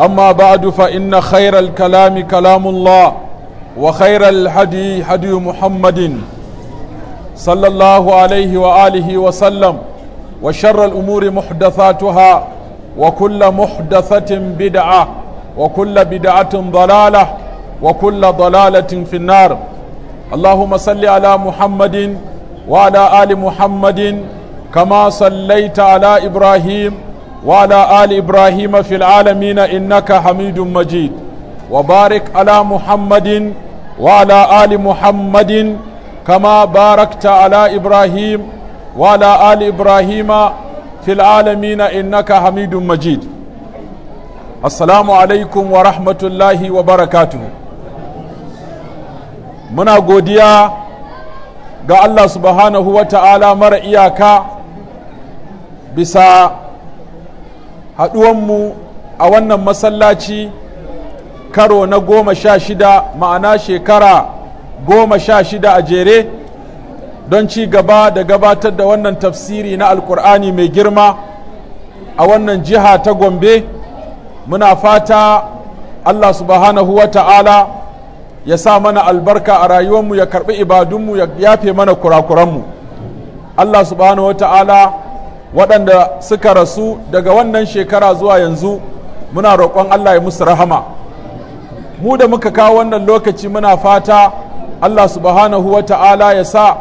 أما بعد فإن خير الكلام كلام الله وخير الهدي هدي محمد صلى الله عليه وآله وسلم وشر الأمور محدثاتها وكل محدثة بدعة وكل بدعة ضلالة وكل ضلالة في النار اللهم صل على محمد وعلى آل محمد كما صليت على إبراهيم وعلى آل إبراهيم في العالمين إنك حميد مجيد وبارك على محمد وعلى آل محمد كما باركت على إبراهيم وعلى آل إبراهيم في العالمين إنك حميد مجيد السلام عليكم ورحمة الله وبركاته muna godiya ga Allah subhanahu wa ta'ala mara iyaka bisa haɗuwanmu a wannan masallaci karo na goma sha shida ma'ana shekara goma sha shida a jere don ci gaba da gabatar da wannan tafsiri na alkur'ani mai girma a wannan jiha ta gombe muna fata allah subhanahu wa ta'ala ya sa mana albarka a rayuwarmu ya karɓi ibadunmu ya yafe mana kurakuranmu allah subhanahu wa ta'ala waɗanda suka rasu daga wannan shekara zuwa yanzu muna roƙon Allah ya musu rahama mu da muka kawo wannan lokaci muna fata Allah subhanahu wa ta'ala ya sa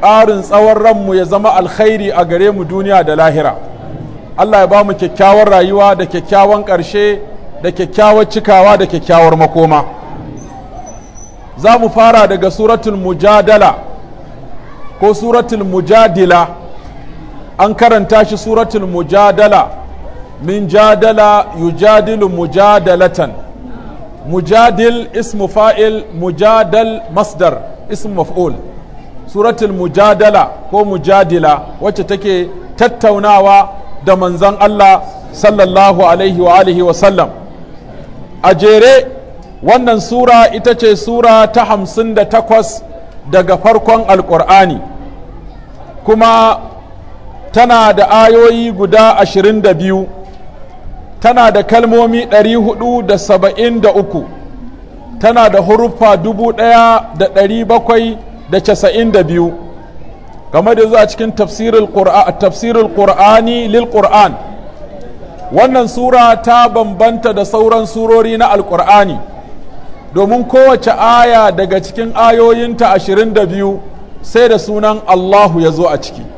ƙarin tsawon ranmu ya zama alkhairi a gare mu duniya da lahira Allah ya ba mu kyakkyawar rayuwa da kyakkyawan ƙarshe da kyakkyawar cikawa da kyakkyawar makoma za mu fara daga suratul mujadala ko suratul mujadila an karanta shi suratul mujadala min jadala yujadilu mujadalatan mujadil ismu fa'il mujadal masdar ismu maf'ul suratul mujadala ko mujadila wacce take tattaunawa da manzon Allah sallallahu alaihi wa alihi wa sallam a jere wannan sura ita ce sura ta hamsin da takwas daga farkon alƙur'ani kuma tana da ayoyi guda ashirin da biyu tana da kalmomi ɗari hudu da saba'in da uku tana da huruffa dubu ɗaya da ɗari bakwai da casa'in da biyu game da zuwa cikin tafsirul ƙur'ani lil ƙur'an wannan sura ta bambanta da sauran surori na alƙur'ani domin kowace aya daga cikin ayoyinta ashirin da biyu sai da sunan allahu ya zo a ciki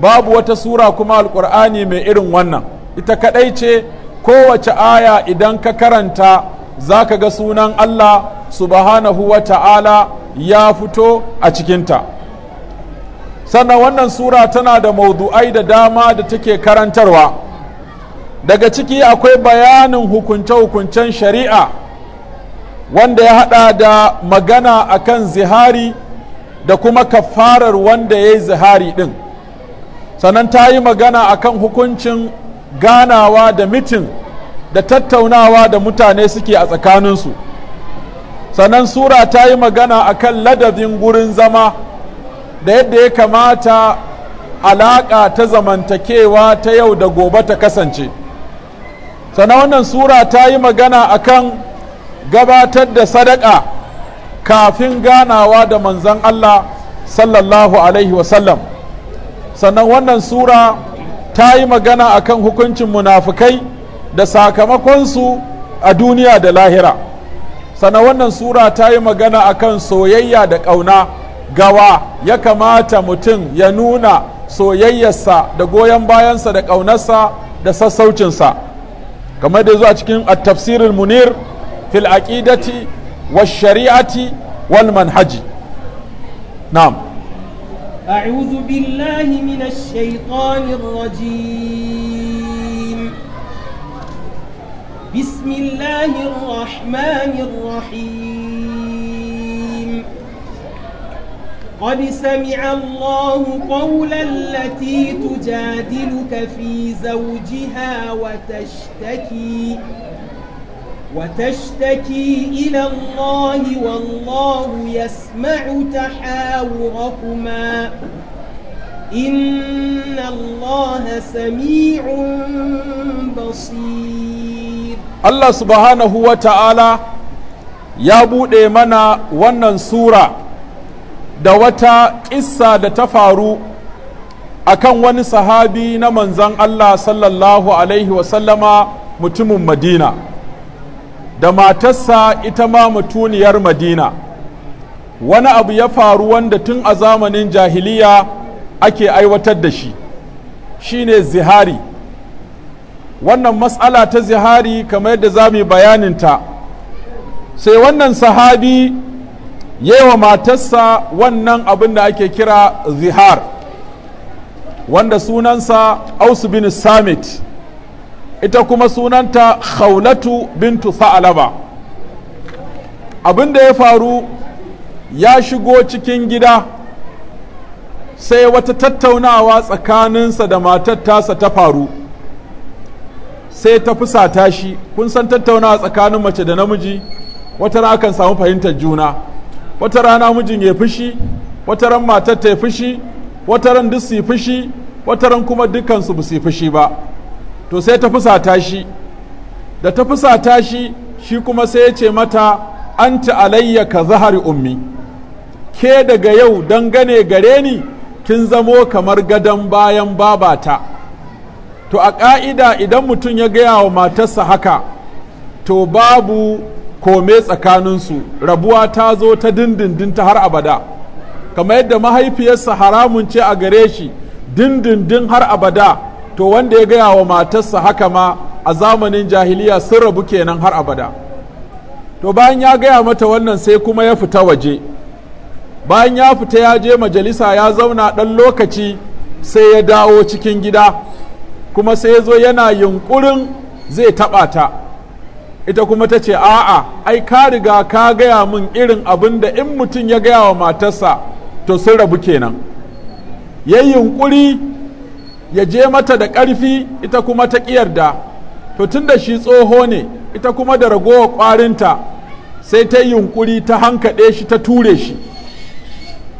babu wata sura kuma alkur'ani mai irin wannan ita kadai ce kowace aya idan ka karanta za ka ga sunan Allah subhanahu wa ta'ala ya fito a cikinta sannan wannan sura tana da maudu'ai da dama da take karantarwa daga ciki akwai bayanin hukunce-hukuncen shari'a wanda ya hada da magana akan zihari da kuma kafarar wanda ya yi zihari ɗin. sannan ta yi magana a kan hukuncin ganawa da mitin da tattaunawa da mutane suke a tsakaninsu sannan sura ta yi magana a kan ladabin gurin zama da yadda ya kamata alaƙa ta zamantakewa ta yau da gobe ta kasance sannan wannan sura ta yi magana a kan gabatar da sadaka kafin ganawa da manzan Allah sallallahu alaihi wasallam sannan wannan sura ta yi magana a kan hukuncin munafukai da sakamakonsu a duniya da lahira sannan wannan sura ta yi magana a kan soyayya da ƙauna gawa ya kamata mutum ya nuna soyayyarsa da goyon bayansa da ƙaunarsa da sassaucinsa kamar da zuwa cikin tafsirin munir fil aqidati wa shari'ati wal manhaji na'am أعوذ بالله من الشيطان الرجيم بسم الله الرحمن الرحيم قد سمع الله قول التي تجادلك في زوجها وتشتكي وتشتكي إلى الله والله يسمع تحاوركما إن الله سميع بصير الله سبحانه وتعالى ya buɗe mana wannan sura da wata ƙissa da ta faru akan wani sahabi na manzan Allah sallallahu Alaihi wasallama mutumin Madina. da matarsa ita ma mutuniyar madina wani abu ya faru wanda tun a zamanin jahiliya ake aiwatar da shi shine zihari wannan matsala ta zihari kamar yadda za mu yi bayaninta sai wannan sahabi wa matarsa wannan abin da ake kira zihar wanda sunansa ausu bin samit ita kuma sunanta khaulatu bintu sa'alaba abin da ya faru ya shigo cikin gida sai wata tattaunawa tsakaninsa da matar tasa ta faru sai ta fusata shi kun san tattaunawa tsakanin mace da namiji wata rana akan samu fahimtar juna wata rana mijin ya fushi wata ran matatta ya fushi wata ran duk su fushi wata ran kuma dukansu ba su fushi ba to sai ta fusata shi da ta fusata shi shi kuma sai ya ce mata anta alayya ka zahari ummi ke daga yau dangane gare ni kin zamo kamar gadon bayan babata to a ƙa'ida idan mutum ya gaya wa matarsa haka to babu kome tsakaninsu rabuwa ta zo ta dindindin ta har abada kamar yadda mahaifiyarsa haramun ce a gare shi dindindin har abada to wanda ya gaya wa matarsa haka ma a zamanin jahiliya sun rabu kenan har abada to bayan ya gaya mata wannan sai kuma ya fita waje bayan ya fita ya je majalisa ya zauna ɗan lokaci sai ya dawo cikin gida kuma sai ya zo yana yunkurin zai taɓa ta ita kuma ta ce a'a ai ka riga ka gaya min irin abin da in mutum ya gaya wa matarsa to sun rabu kenan ya yunkuri ya je mata da ƙarfi ita kuma ta ƙiyarda to tun da shi tsoho ne ita kuma da ragowar ƙwarinta sai ta yi yunƙuri ta hankaɗe shi ta ture shi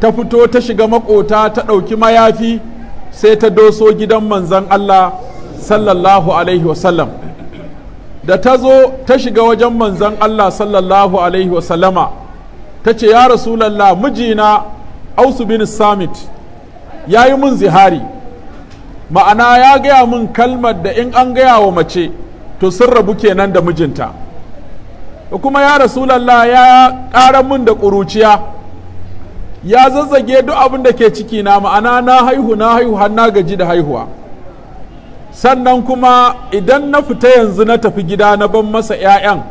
ta fito ta shiga maƙota ta ɗauki mayafi sai ta doso gidan manzan Allah sallallahu alaihi wasallam da ta zo ta shiga wajen manzan Allah sallallahu alaihi wasallama ta ce ya rasulallah mijina ausu bin samit ya yi mun zihari ma'ana ya gaya min kalmar da in an gaya wa mace to sun rabu kenan da mijinta kuma ya rasu, lalla ya ƙara min da ƙuruciya ya zazzage duk abin da ke ciki na ma'ana na haihu na haihu har na gaji da haihuwa sannan kuma idan na fita yanzu na tafi gida na ban masa 'ya'yan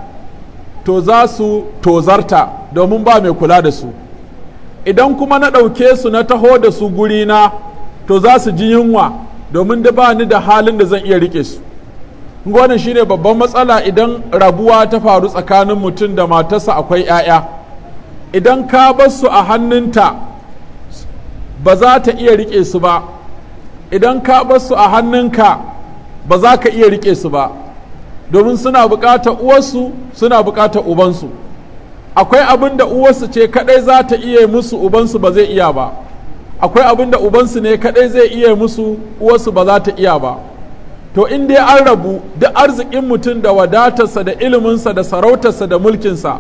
to za su tozarta domin ba mai kula da su idan kuma na ɗauke su na taho da su gurina to za su ji yunwa domin da ba ni da halin da zan iya rike su wannan shine babban matsala idan rabuwa ta faru tsakanin mutum da matarsa akwai 'ya'ya idan ka bar su a hannunta ba za ta iya rike su ba idan ka bar su a hannunka ba za ka iya rike su ba domin suna buƙatar uwarsu suna buƙatar ubansu akwai abin da uwarsu ce kadai za ta iya musu ubansu ba zai iya ba akwai abin da ubansu ne kadai zai iya musu uwarsu ba za ta iya ba to in dai an rabu duk arzikin mutum da wadatarsa da iliminsa da sarautarsa da mulkinsa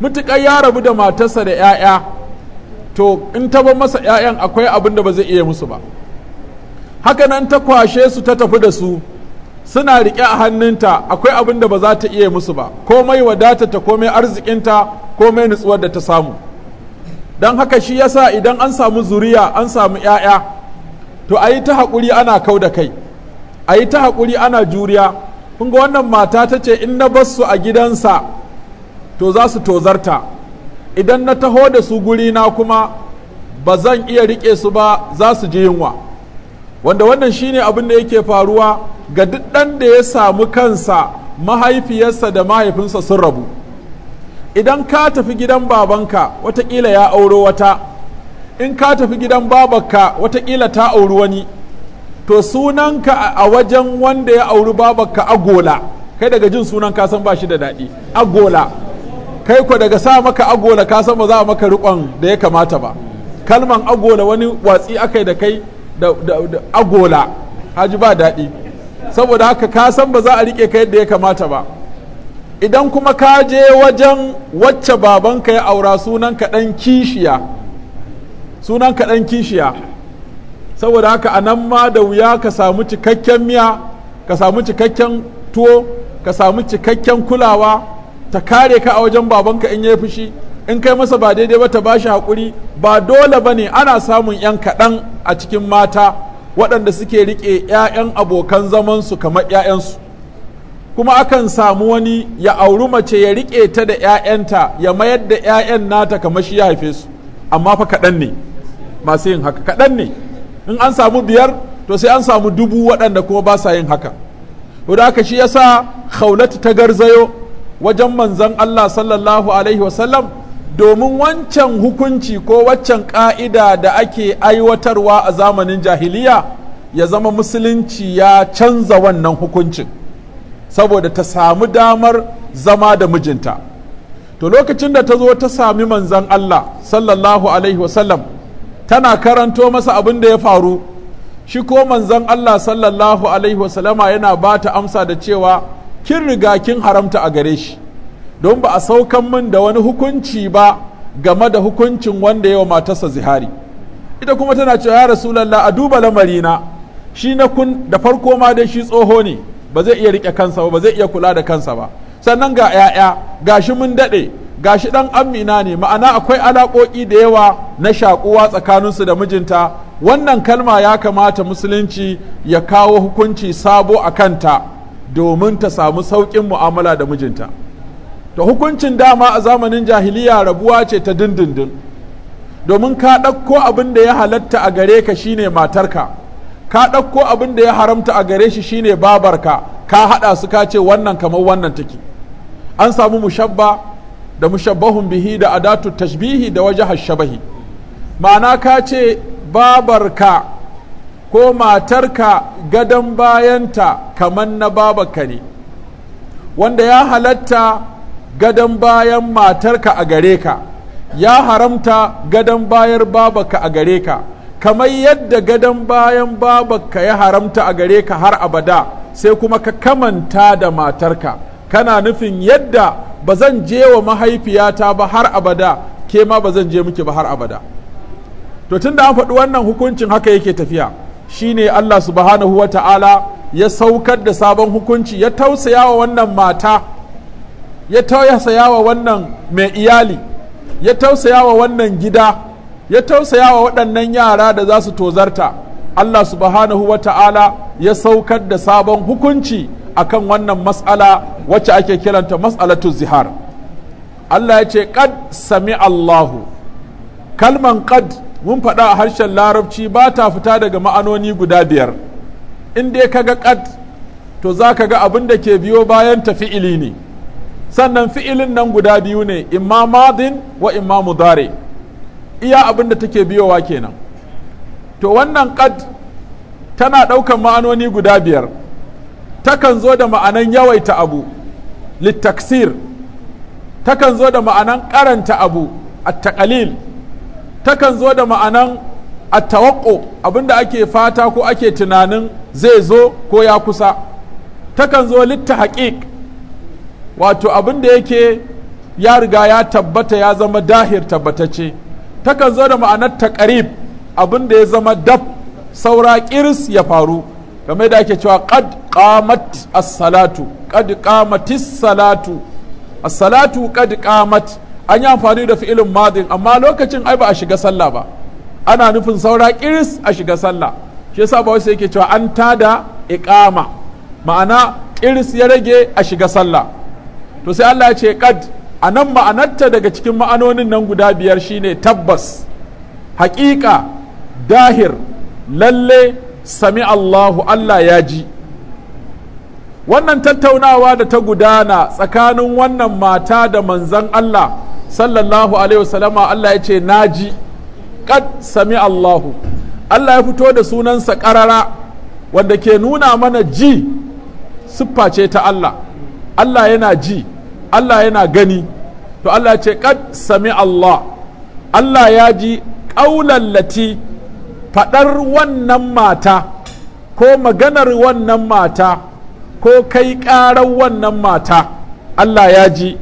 mutuƙar ya rabu da matarsa da 'ya'ya to in ta ba masa 'ya'yan akwai abin da ba zai iya musu ba haka nan ta kwashe su ta tafi da su suna rike a hannunta akwai abin da ba za ta iya musu ba komai wadatata komai arzikinta komai nutsuwar da ta samu don haka shi yasa idan an samu zuriya an samu 'ya'ya to a yi ta haƙuri ana kau da kai a yi ta haƙuri ana juriya kun wannan mata ta ce in na basu a gidansa to za su tozarta idan na taho da su guri na kuma ba zan iya riƙe su ba za su ji yunwa wanda wannan shine abin da yake faruwa ga duk ɗan da ya samu kansa mahaifiyarsa da mahaifinsa sun rabu idan ka tafi gidan babanka watakila ya auro wata in ka tafi gidan babanka watakila ta auri wani to sunanka a wajen wanda ya auri babanka agola kai daga jin sunan ka san ba shi da daɗi agola kai ko daga sa maka agola ka san ba za a maka riƙon da ya kamata ba kalman agola wani watsi aka yi da kai da, agola haji ba daɗi saboda haka kasan ba za a riƙe ka yadda ya kamata ba idan kuma ka je wajen wacce babanka ya aura sunan kaɗan kishiya sunan kishiya saboda haka a nan ma da wuya ka samu cikakken miya ka samu cikakken tuwo ka samu cikakken kulawa ta kare ka a wajen babanka in ya fushi in kai masa ba daidai ba ta bashi haƙuri ba dole ba ne ana samun 'yan kaɗan a cikin mata waɗanda suke rike 'ya'yan abokan zamansu kamar 'ya'yansu kuma akan samu wani ya auri mace ya riƙe ta da 'ya'yanta ya mayar da 'ya'yan nata kamar shi ya haife su amma fa kaɗan ne masu yin haka kaɗan ne in an samu biyar to sai an samu dubu waɗanda kuma ba sa yin haka to da shi yasa khaulatu ta garzayo wajen manzon Allah sallallahu alaihi wasallam domin wancan hukunci ko waccan ƙa'ida da ake aiwatarwa a zamanin jahiliya ya zama musulunci ya canza wannan hukuncin saboda ta samu damar zama da mijinta to lokacin da ta zo ta sami manzan Allah sallallahu alaihi wasallam tana karanto masa abin da ya faru shi ko manzan Allah sallallahu alaihi wasallama yana ba ta amsa da cewa kin riga kin haramta a gare shi don ba a saukan min da wani hukunci ba game da hukuncin wanda ya wa matarsa zihari ita kuma tana cewa ya rasulallah a duba lamarina shi na kun da farko ma dai shi tsoho ne ba zai iya rike kansa ba ba zai iya kula da kansa ba sannan ga 'ya'ya gashi mun daɗe gashi ɗan amina ne ma'ana akwai alaƙoƙi da yawa na shaƙuwa tsakaninsu da mijinta wannan kalma ya kamata musulunci ya kawo hukunci sabo a kanta domin ta samu sauƙin mu'amala da mijinta to hukuncin dama a zamanin jahiliya rabuwa ce ta dindindin domin ka ɗauko abin da ya halatta a gare ka shine matarka ka ɗauko abin da ya haramta a gare shi shine babarka ka haɗa su ka ce wannan kamar wannan take an samu mushabba da mushabbahun bihi da adatu tashbihi da waje shabahi ma'ana ka ce babarka ko matarka gadon bayanta kamar na babarka ne wanda ya halatta gadon bayan matarka a gare ka ya haramta gadon bayar babarka a gare ka kamar yadda gadon bayan babakka ya haramta a gare ka har abada sai kuma ka kamanta da matarka kana nufin yadda ba zan je wa mahaifiyata ba har abada ke ma ba zan je miki ba har abada to tun da an faɗi wannan hukuncin haka yake tafiya shi ne Allah subhanahu wa ta'ala ya saukar da sabon hukunci ya tausaya wa wannan mata ya tausaya wa wannan mai iyali ya tausaya wa wannan gida ya tausaya wa waɗannan yara da za su tozarta Allah subhanahu wa ta'ala ya saukar da sabon hukunci a kan wannan mas'ala wacce ake kiranta mas'alatu zihar Allah ya ce ƙad sami Allahu kalman ƙad mun faɗa a harshen larabci ba ta fita daga ma'anoni guda biyar in dai ka ga ƙad to za ka ga abin da ke biyo bayan ta fi'ili ne sannan fi'ilin nan guda biyu ne imma madin wa imma mudare iya abin da take biyowa kenan to wannan qad tana ɗaukan ma'anoni guda biyar takan zo da ma'anan yawaita abu littaksir takan zo da ma'anan karanta abu ta takan zo da ma'anan attawaƙo abinda ake fata ko ake tunanin zai zo ko ya kusa takan zo litta haƙiƙ wato abinda yake ya riga ya tabbata ya zama dahir tabbatacce takan zo da ma'anar karib abin da ya zama dab saura kiris ya faru game da ake cewa qad qamat as-salatu qad qamatis salatu as-salatu qad qamat an yi amfani da fi'ilin madin amma lokacin ai ba a shiga sallah ba ana nufin saura kiris a shiga sallah shi yasa ba wasu yake cewa an tada iqama ma'ana kiris ya rage a shiga sallah to sai Allah ya ce qad a nan ma'anarta daga cikin ma'anonin nan guda biyar shine tabbas haƙiƙa dahir lalle sami Allahu Allah ya ji wannan tattaunawa da ta gudana tsakanin wannan mata da manzan Allah sallallahu alaihi wasallama Allah ya ce ji kad sami Allahu Allah ya fito da sunansa ƙarara wanda ke nuna mana ji siffa ce ta Allah Allah yana ji Allah yana gani to Allah ce kad sami Allah Allah ya ji ƙaulallati faɗar wannan mata ko maganar wannan mata ko kai ƙarar wannan mata Allah ya ji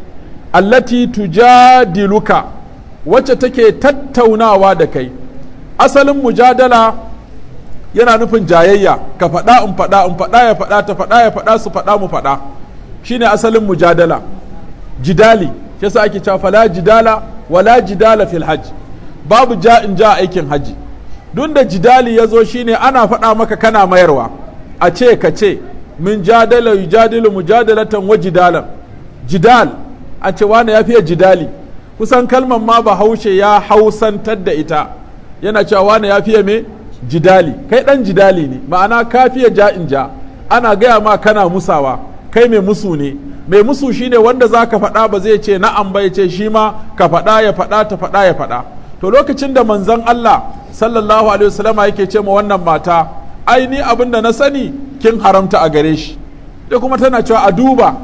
allati tujadiluka wacce take tattaunawa da kai asalin mujadala yana nufin jayayya ka faɗa in faɗa in faɗa ya faɗa ta faɗa ya faɗa su faɗa mu faɗa shine asalin mujadala jidali shi yasa ake cewa fala jidala wala jidala fil hajj babu ja in ja aikin haji duk da jidali ya zo shine ana faɗa maka kana mayarwa a ce ka ce min jadala yujadilu mujadalatan wa jidalan jidal a ce wani ya fiye jidali kusan kalman ma bahaushe ya hausantar da ita yana cewa wani ya fiye me jidali kai dan jidali ne ma'ana ka fiye ja in ja ana gaya ma kana musawa kai mai musu ne mai musu shi ne wanda za ka faɗa ba zai ce na'am ba ya ce shi ma ka faɗa ya faɗa ta faɗa ya faɗa to lokacin da manzon Allah sallallahu alaihi wasallama yake ce ma wannan mata ai ni abin da na sani kin haramta a gare shi da kuma tana cewa a duba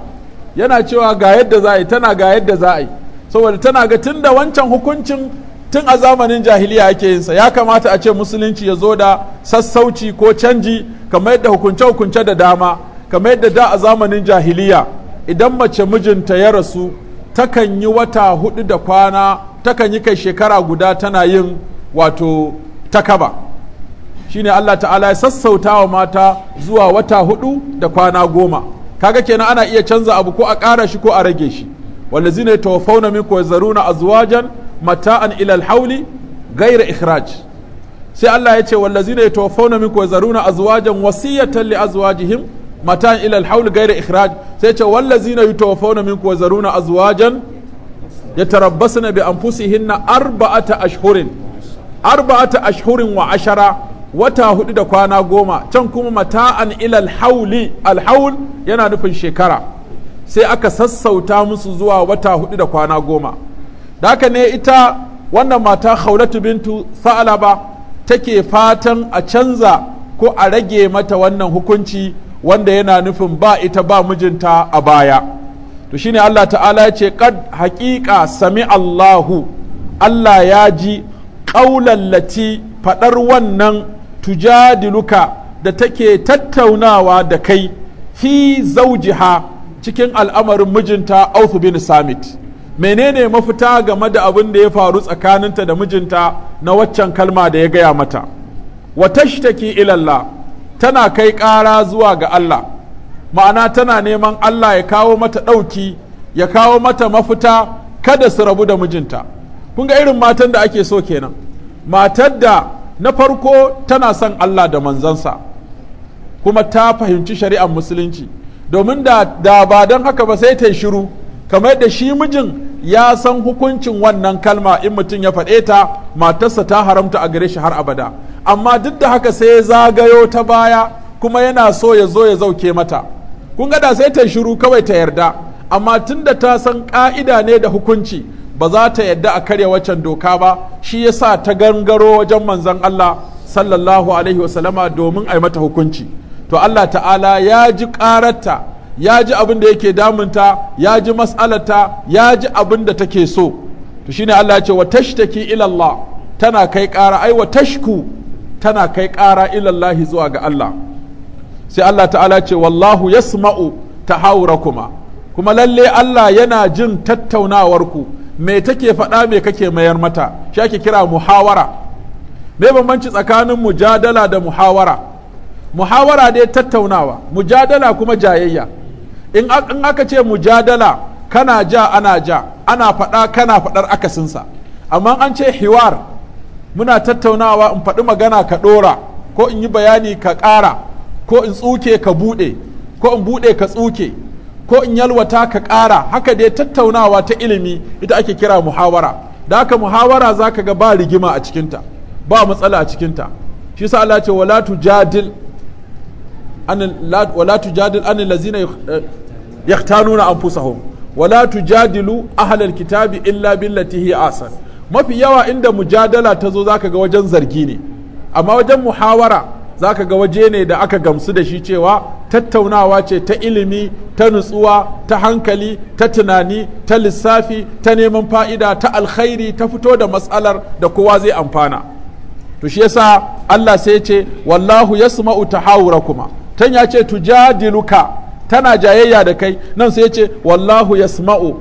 yana cewa ga yadda za a yi tana ga yadda za a yi saboda tana ga tun da wancan hukuncin tun a zamanin jahiliya ake yinsa ya kamata a ce musulunci ya zo da sassauci ko canji kamar yadda hukunce-hukunce da dama kamar yadda da a zamanin jahiliya idan mace mijinta ya rasu takan yi wata hudu da kwana takan yi kai shekara guda tana yin wato takaba shine Allah ta'ala ya sassauta wa mata zuwa wata hudu da kwana goma kaga kenan ana iya canza abu ko a ƙara shi ko a rage shi wanda min yatawaffawna minkum yazaruna azwajan mata'an ila ilal hauli ghayra ikhraj sai Allah ya ce wallazina yatawaffawna minkum yazaruna azwajan wasiyatan li azwajihim mata ilal alhaul gaira ikhraj sai ce wallazina yutawaffawna minkum wa zaruna azwajan yatarabbasna bi anfusihinna arba'ata ashhurin arba'ata ashhurin wa ashara wata hudu da kwana goma can kuma mata'an ilal hauli alhaul yana nufin shekara sai aka sassauta musu zuwa wata hudu da kwana goma da haka ne ita wannan mata khawlatu bintu sa'alaba take fatan a canza ko a rage mata wannan hukunci wanda yana nufin ba ita ba mijinta a baya to shine Allah ta'ala ya ce kad haƙiƙa sami Allahu Allah ya ji ƙaulallati faɗar wannan tujadiluka da take tattaunawa da kai fi zaujiha cikin al'amarin mijinta Auf bin Samit menene mafita game da abin da ya faru tsakaninta da mijinta na waccan kalma da ya gaya mata wa tashtaki ilallah tana kai ƙara zuwa ga Allah ma'ana tana neman Allah ya kawo mata ɗauki ya kawo mata mafita kada su rabu da mijinta kun ga irin matan da ake so kenan matar da na farko tana son Allah da manzansa kuma ta fahimci shari'ar musulunci domin da, da ba don haka ba sai ta yi shiru kamar da shi mijin ya san hukuncin wannan kalma in mutum ya faɗe ta matarsa ta haramta a gare shi har abada amma duk da haka sai ya zagayo ta baya kuma yana so ya zo ya zauke mata kun gada sai ta shiru kawai ta yarda amma tun da ta san ka'ida ne da hukunci ba za ta yarda a karya waccan doka ba shi ya sa ta gangaro wajen manzan Allah sallallahu alaihi wasallama domin a yi mata hukunci to Allah ta'ala ya ji ƙararta ya ji abin da yake damunta ya ji masalata ya ji abin da take so to shine Allah ya ce wa tashtaki ila Allah tana kai ƙara ai wa tashku tana kai ƙara ilallahi zuwa ga Allah sai Allah ta'ala ce wallahu yasma'u tahawurakuma kuma lalle Allah yana jin tattaunawarku me take faɗa me kake mayar mata shi ake kira muhawara me bambanci tsakanin mujadala da muhawara muhawara dai tattaunawa mujadala kuma jayayya in aka ce mujadala kana ja ana ja ana faɗa kana faɗar akasinsa amma an ce hiwar muna tattaunawa in faɗi magana ka ɗora ko in yi bayani ka ƙara ko in tsuke ka buɗe ko in buɗe ka tsuke ko in yalwata ka ƙara haka dai tattaunawa ta ilimi ita ake kira muhawara da haka muhawara za ka ga ba rigima a cikinta ba matsala a cikinta shi sa Allah ce wala tujadil an wala tujadil an allazina eh, yahtanuna anfusahum wala tujadilu ahlal kitabi illa billati hi asan mafi yawa inda mujadala ta zo zaka ga wajen zargi ne amma wajen muhawara zaka ga waje ne da aka gamsu da shi cewa tattaunawa ce ta ilimi ta nutsuwa ta hankali ta tunani ta lissafi ta neman fa'ida ta alkhairi ta fito da matsalar da kowa zai amfana to shi yasa Allah sai ya ce wallahu yasma'u tahawurakuma tan ya ce tujadiluka tana jayayya da kai nan sai ya ce wallahu yasma'u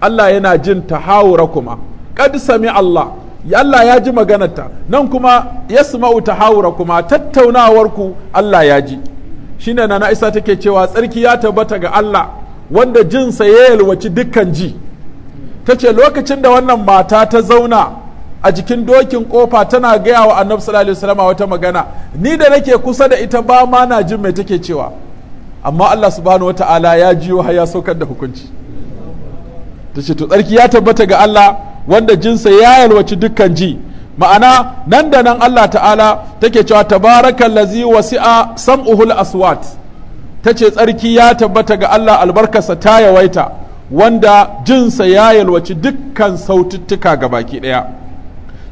Allah yana jin tahawurakuma qad sami Allah Allah ya ji maganarta nan kuma yasma'u tahawura kuma tattaunawarku Allah ya ji shine na Isa take cewa tsarki ya tabbata ga Allah wanda jinsa ya yalwaci dukkan ji tace lokacin da wannan mata ta zauna a jikin dokin kofa tana gaya wa annabi sallallahu alaihi wasallam wata magana ni da nake kusa da ita ba ma na jin mai take cewa amma Allah subhanahu wataala ya jiyo har ya saukar da hukunci tace to tsarki ya tabbata ga Allah wanda jinsa ya yalwaci dukkan ji ma'ana nan da nan Allah ta'ala take cewa tabarakan lazi wasi'a sam'uhul aswat ta ce tsarki ya tabbata ga Allah albarkarsa ta yawaita wanda jinsa ya yalwaci dukkan saututtuka ga baki ɗaya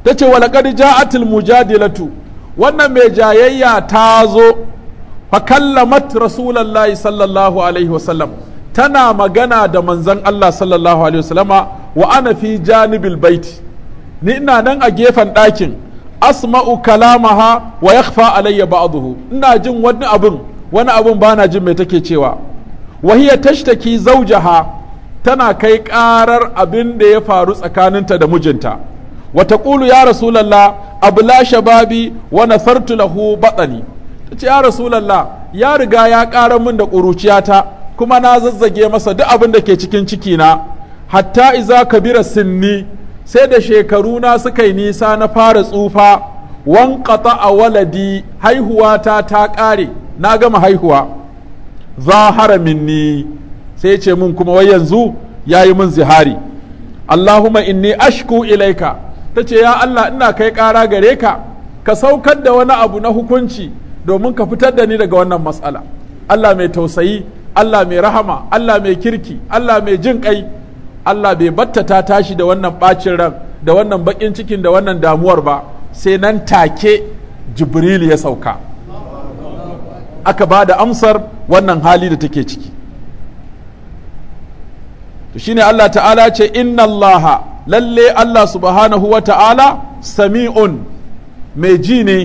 ta ce walaƙar ja'atul mujadilatu wannan mai jayayya ta zo fakallamat rasulullahi sallallahu alaihi wasallam tana magana da manzon Allah sallallahu alaihi wasallama wa ana fi janibil baiti ni ina nan a gefen ɗakin asma'u kalamaha wa yakhfa alayya ba'dahu ina jin wani abun wani abun bana jin mai take cewa wa hiya tashtaki zawjaha tana kai karar abin da ya faru tsakaninta da mijinta wa taqulu ya rasulullah abla shababi wa nasartu lahu batani tace ya rasulullah ya riga ya ƙara min da ƙuruciyata kuma na zazzage masa duk abin da ke cikin ciki na. hatta iza kabira sinni sai da shekaru na suka yi nisa na fara tsufa wan a waladi haihuwa ta ta ƙare na gama haihuwa zahara minni sai ce mun kuma wai yanzu ya yi mun zihari Allahumma inni ashku ilaika ta ce ya Allah ina kai ƙara gare ka ka saukar da wani abu na hukunci domin ka fitar da ni daga wannan matsala Allah mai tausayi Allah mai rahama Allah mai kirki Allah mai jin ƙai Allah bai batta ta tashi da wannan bacin ran da wannan bakin cikin da wannan damuwar ba sai nan take jibril ya sauka aka ba da amsar wannan hali da take ciki to shine Allah ta'ala ce inna Allah lalle Allah subhanahu wa ta'ala sami'un mai ji ne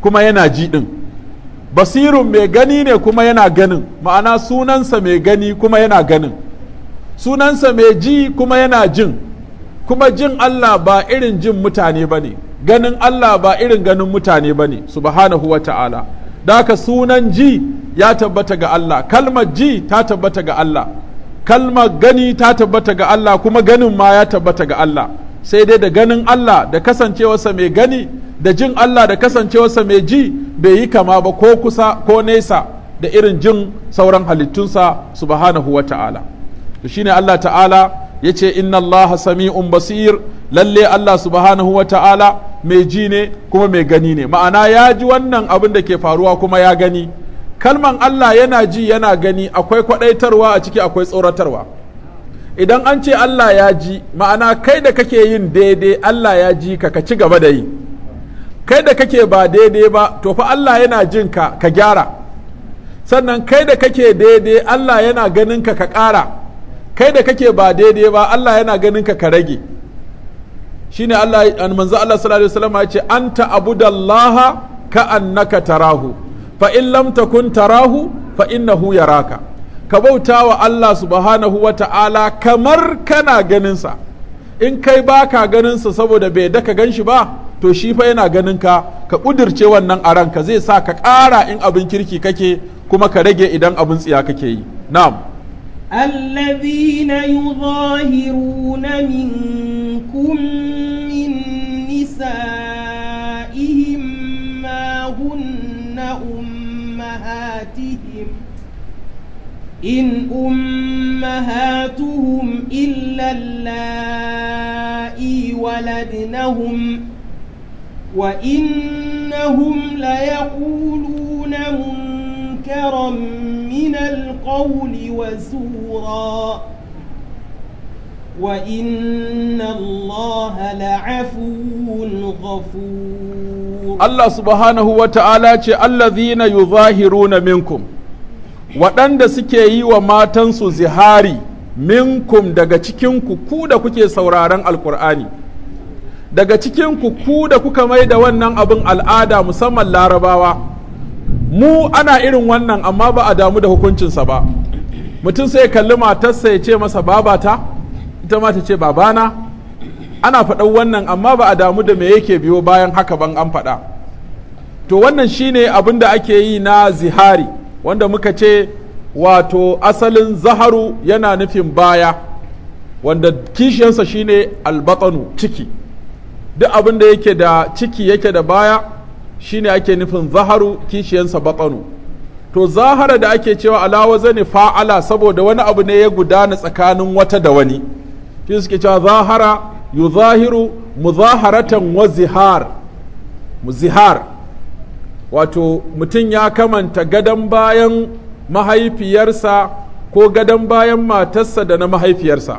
kuma yana ji din basirun mai gani ne kuma yana ganin ma'ana sunansa mai gani kuma yana ganin sunansa mai ji kuma yana jin kuma jin Allah ba irin jin mutane ba ne ganin Allah ba irin ganin mutane ba ne subhanahu wa ta'ala daka sunan ji ya tabbata ga Allah kalmar ji ta tabbata ga Allah kalmar gani ta tabbata ga Allah kuma ganin ma ya tabbata ga Allah sai dai da ganin Allah da kasancewarsa mai gani da jin Allah da kasancewarsa mai ji bai yi kama ba ko kusa ko nesa da irin jin sauran halittunsa subhanahu wa ta'ala to shine Allah ta'ala Ya ce inna Allah sami'un basir lalle Allah subhanahu wa ta'ala mai ji ne kuma mai gani ne ma'ana ya ji wannan abin da ke faruwa kuma ya gani kalman Allah yana ji yana gani akwai kwaɗaitarwa a ciki akwai tsoratarwa idan an ce Allah ya ji ma'ana kai da kake yin daidai Allah ya ji ka ka ci gaba da yi kai da kake ba daidai ba to fa Allah yana jin ka ka gyara sannan kai da kake daidai Allah yana ganin ka ka ƙara kai da kake ba daidai ba Allah yana ganin ka ka rage ne Allah manzo Allah sallallahu alaihi wasallam ya ce anta abudallaha ka annaka tarahu fa in lam takun tarahu fa innahu yaraka ka bauta wa Allah subhanahu wa ta'ala kamar kana ganinsa in kai ba ka ganinsa saboda bai daka gan shi ba to shi fa yana ganin ka ka kudirce wannan a ranka zai sa ka ƙara in abin kirki kake kuma ka rage idan abin tsiya kake yi na'am الذين يظاهرون منكم من نسائهم ما هن أمهاتهم إن أمهاتهم إلا اللائي ولدنهم وإنهم ليقولون منكرا من القول وزورا وإن الله لعفو غفور الله سبحانه وتعالى الذين يظاهرون منكم waɗanda suke yi wa matansu zihari minkum daga cikinku ku da kuke sauraron alkur'ani daga cikinku ku da kuka mai da wannan abin al'ada musamman larabawa mu ana irin wannan amma ba a damu da hukuncinsa ba mutum sai kalli matarsa ya ce masa babata ita ma ta ce babana ana faɗan wannan amma ba a damu da me yake biyo bayan haka ban an faɗa to wannan shine abin da ake yi na zihari wanda muka ce wato asalin zaharu yana nufin baya wanda kishiyansa shine albatsanu ciki duk abin da yake da ciki yake da baya shine ake nufin zaharu kishiyansa batsanu to zahara da ake cewa alawa zane fa'ala saboda wani abu ne ya gudana tsakanin wata da wani shi suke cewa zahara yuzahiru muzaharatan wa zihar muzihar wato mutum ya kamanta gadon bayan mahaifiyarsa ko gadon bayan matarsa da na mahaifiyarsa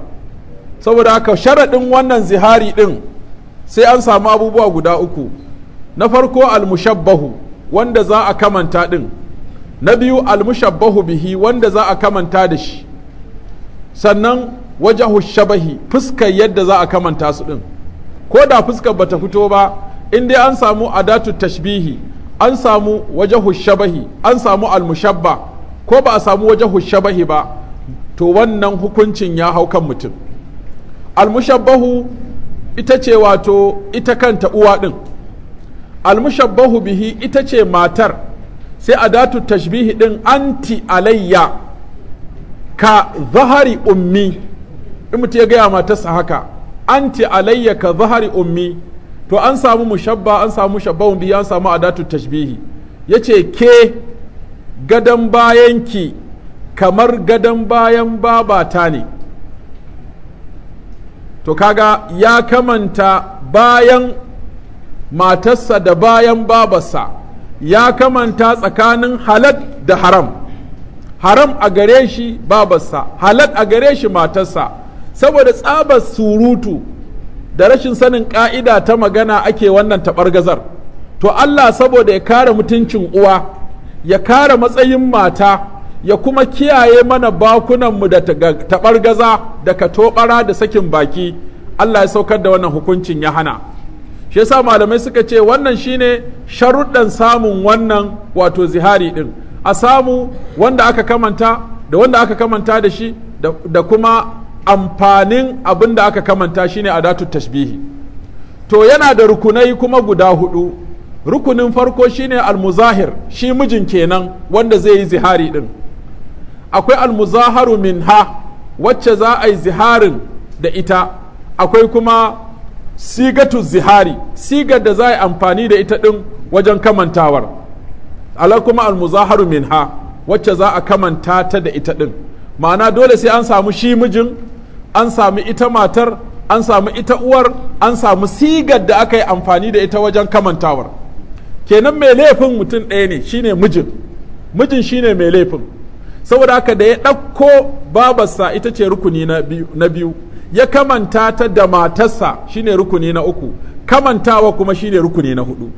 saboda haka sharaɗin wannan zihari ɗin sai an samu abubuwa guda uku na farko almushabbahu wanda za a kamanta din na biyu almushabbahu bihi wanda za a kamanta da shi sannan wajahu shabahi fuskar yadda za a kamanta su din ko da fuskar bata fito ba in dai an samu adatu tashbihi an samu wajahu shabahi an samu almushabba ko ba a samu wajahu shabahi ba to wannan hukuncin ya hau kan mutum almushabbahu ita ce wato ita kanta uwa din almushabbahu bihi ita ce matar sai a datu tashbihi din anti alayya ka zahari ummi in mutum ya gaya matarsa haka anti alayya ka zahari ummi to an samu mushabba an samu bihi an samu adatu tashbihi yace ke gadon bayanki kamar gadon bayan babata ne to kaga ya kamanta bayan matarsa da bayan babarsa ya kamanta tsakanin halal da haram haram a gare shi babarsa halal a gare shi matarsa saboda tsabar surutu da rashin sanin ƙa'ida ta magana ake wannan taɓargazar to Allah saboda ya kare mutuncin uwa ya kare matsayin mata ya kuma kiyaye mana bakunanmu da taɓargaza da tobara da sakin baki Allah ya saukar da wannan hukuncin ya hana shi yasa malamai suka ce wannan shine sharuɗan samun wannan wato zihari ɗin a samu wanda aka kamanta da wanda aka kamanta da shi da kuma amfanin abin da aka kamanta shine a datu tashbihi to yana da rukunai kuma guda hudu rukunin farko shine almuzahir shi mijin kenan wanda zai yi zihari ɗin akwai almuzaharu minha wacce za a yi ziharin da ita akwai kuma sigatu zihari sigar da za a amfani da ita ɗin wajen kamantawar ala kuma almuzaharu minha wacce za a kamanta ta da ita ɗin ma'ana dole sai an samu shi mijin an samu ita matar an samu ita uwar an samu sigar da aka yi amfani da ita wajen kamantawar kenan mai laifin mutum ɗaya ne shine mijin mijin shine mai laifin saboda haka da ya ɗauko babarsa ita ce rukuni na biyu ya kamanta ta da matarsa shine rukuni na uku kamantawa kuma shine rukuni na hudu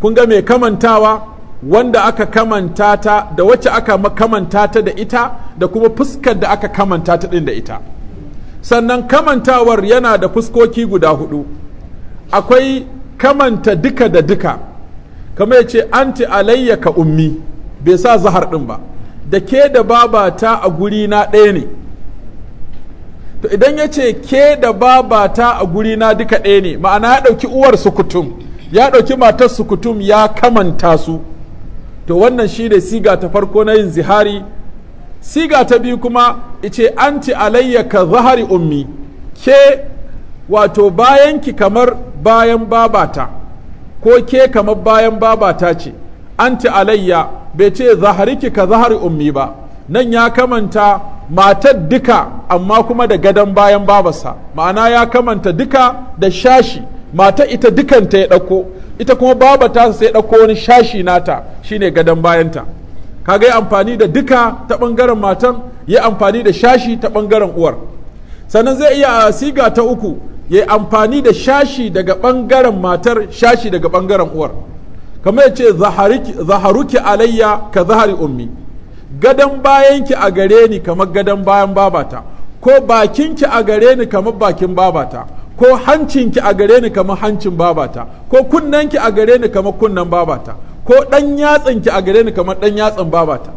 kun ga mai kamantawa wanda aka kamanta ta da wacce aka kamanta ta da ita da kuma fuskar da aka kamanta ta din da ita sannan kamantawar yana da fuskoki guda hudu akwai kamanta duka da duka kamar ya ce anti alayya ka ummi bai sa zahar din ba da ke da babata a guri na ɗaya ne to idan ya ce ke da babata a guri na duka ɗaya ne ma'ana ya ɗauki uwar sukutum ya ɗauki matar sukutum ya kamanta su to wannan shi ne siga ta farko na yin zihari siga ta biyu kuma ice anti alayya ka zahari ummi ke wato bayan ki kamar bayan babata ko ke kamar bayan babata ce anti alayya bai ce zahari ki ka zahari ummi ba nan ya kamanta matar duka amma kuma da gadon bayan babarsa ma'ana ya kamanta duka da shashi mata ita dukanta ya ɗauko ita kuma babata sai ya ɗauko wani shashi nata shine gadon bayanta kaga yi amfani da duka ta ɓangaren matan ya amfani da shashi ta ɓangaren uwar sannan zai iya a siga ta uku ya amfani da shashi daga ɓangaren matar shashi daga ɓangaren uwar kamar ya ce zaharuki alayya ka zahari ummi gadon bayanki a gare ni kamar gadon bayan babata ko bakinki a gare ni kamar bakin babata ko hancinki a gare ni kamar hancin babata ko kunnenki a gare ni kamar kunnan babata ko ɗan yatsanki a gare ni kamar ɗan yatsan babata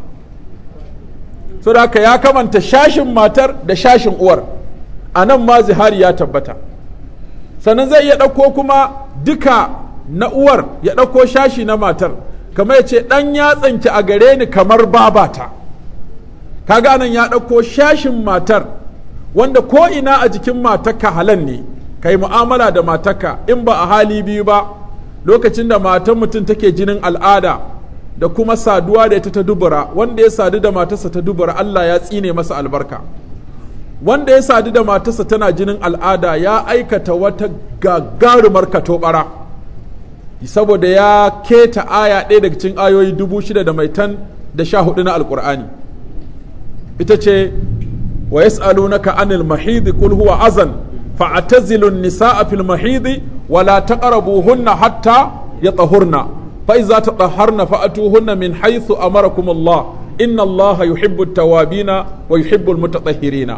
so da ya kamanta shashin matar da shashin uwar a nan ma zihari ya tabbata sannan zai iya ɗauko kuma duka na uwar ya ɗauko shashi na matar kamar yace ce ɗan tsanki a gare ni kamar babata kaga nan ya ɗauko shashin matar wanda ko ina a jikin matarka halan ne ka yi mu'amala da matarka in ba a hali biyu ba lokacin da matan mutum take jinin al'ada da kuma saduwa da ita ta dubura wanda ya sadu da matarsa ta dubura Allah ya tsine masa albarka wanda ya sadu da matarsa tana jinin al'ada ya aikata wata gagarumar katobara saboda ya keta aya ɗaya daga cikin ayoyi dubu shida da mai tan da sha hudu na alkur'ani ita ce wa naka anil mahidi kul huwa azan fa'tazilu an-nisaa fil mahidi wa la taqrabuhunna hatta yatahurna fa idza tatahharna fa'tuhunna min haythu amarakum Allah inna Allah yuhibbu tawabina wa yuhibbu al-mutatahhirina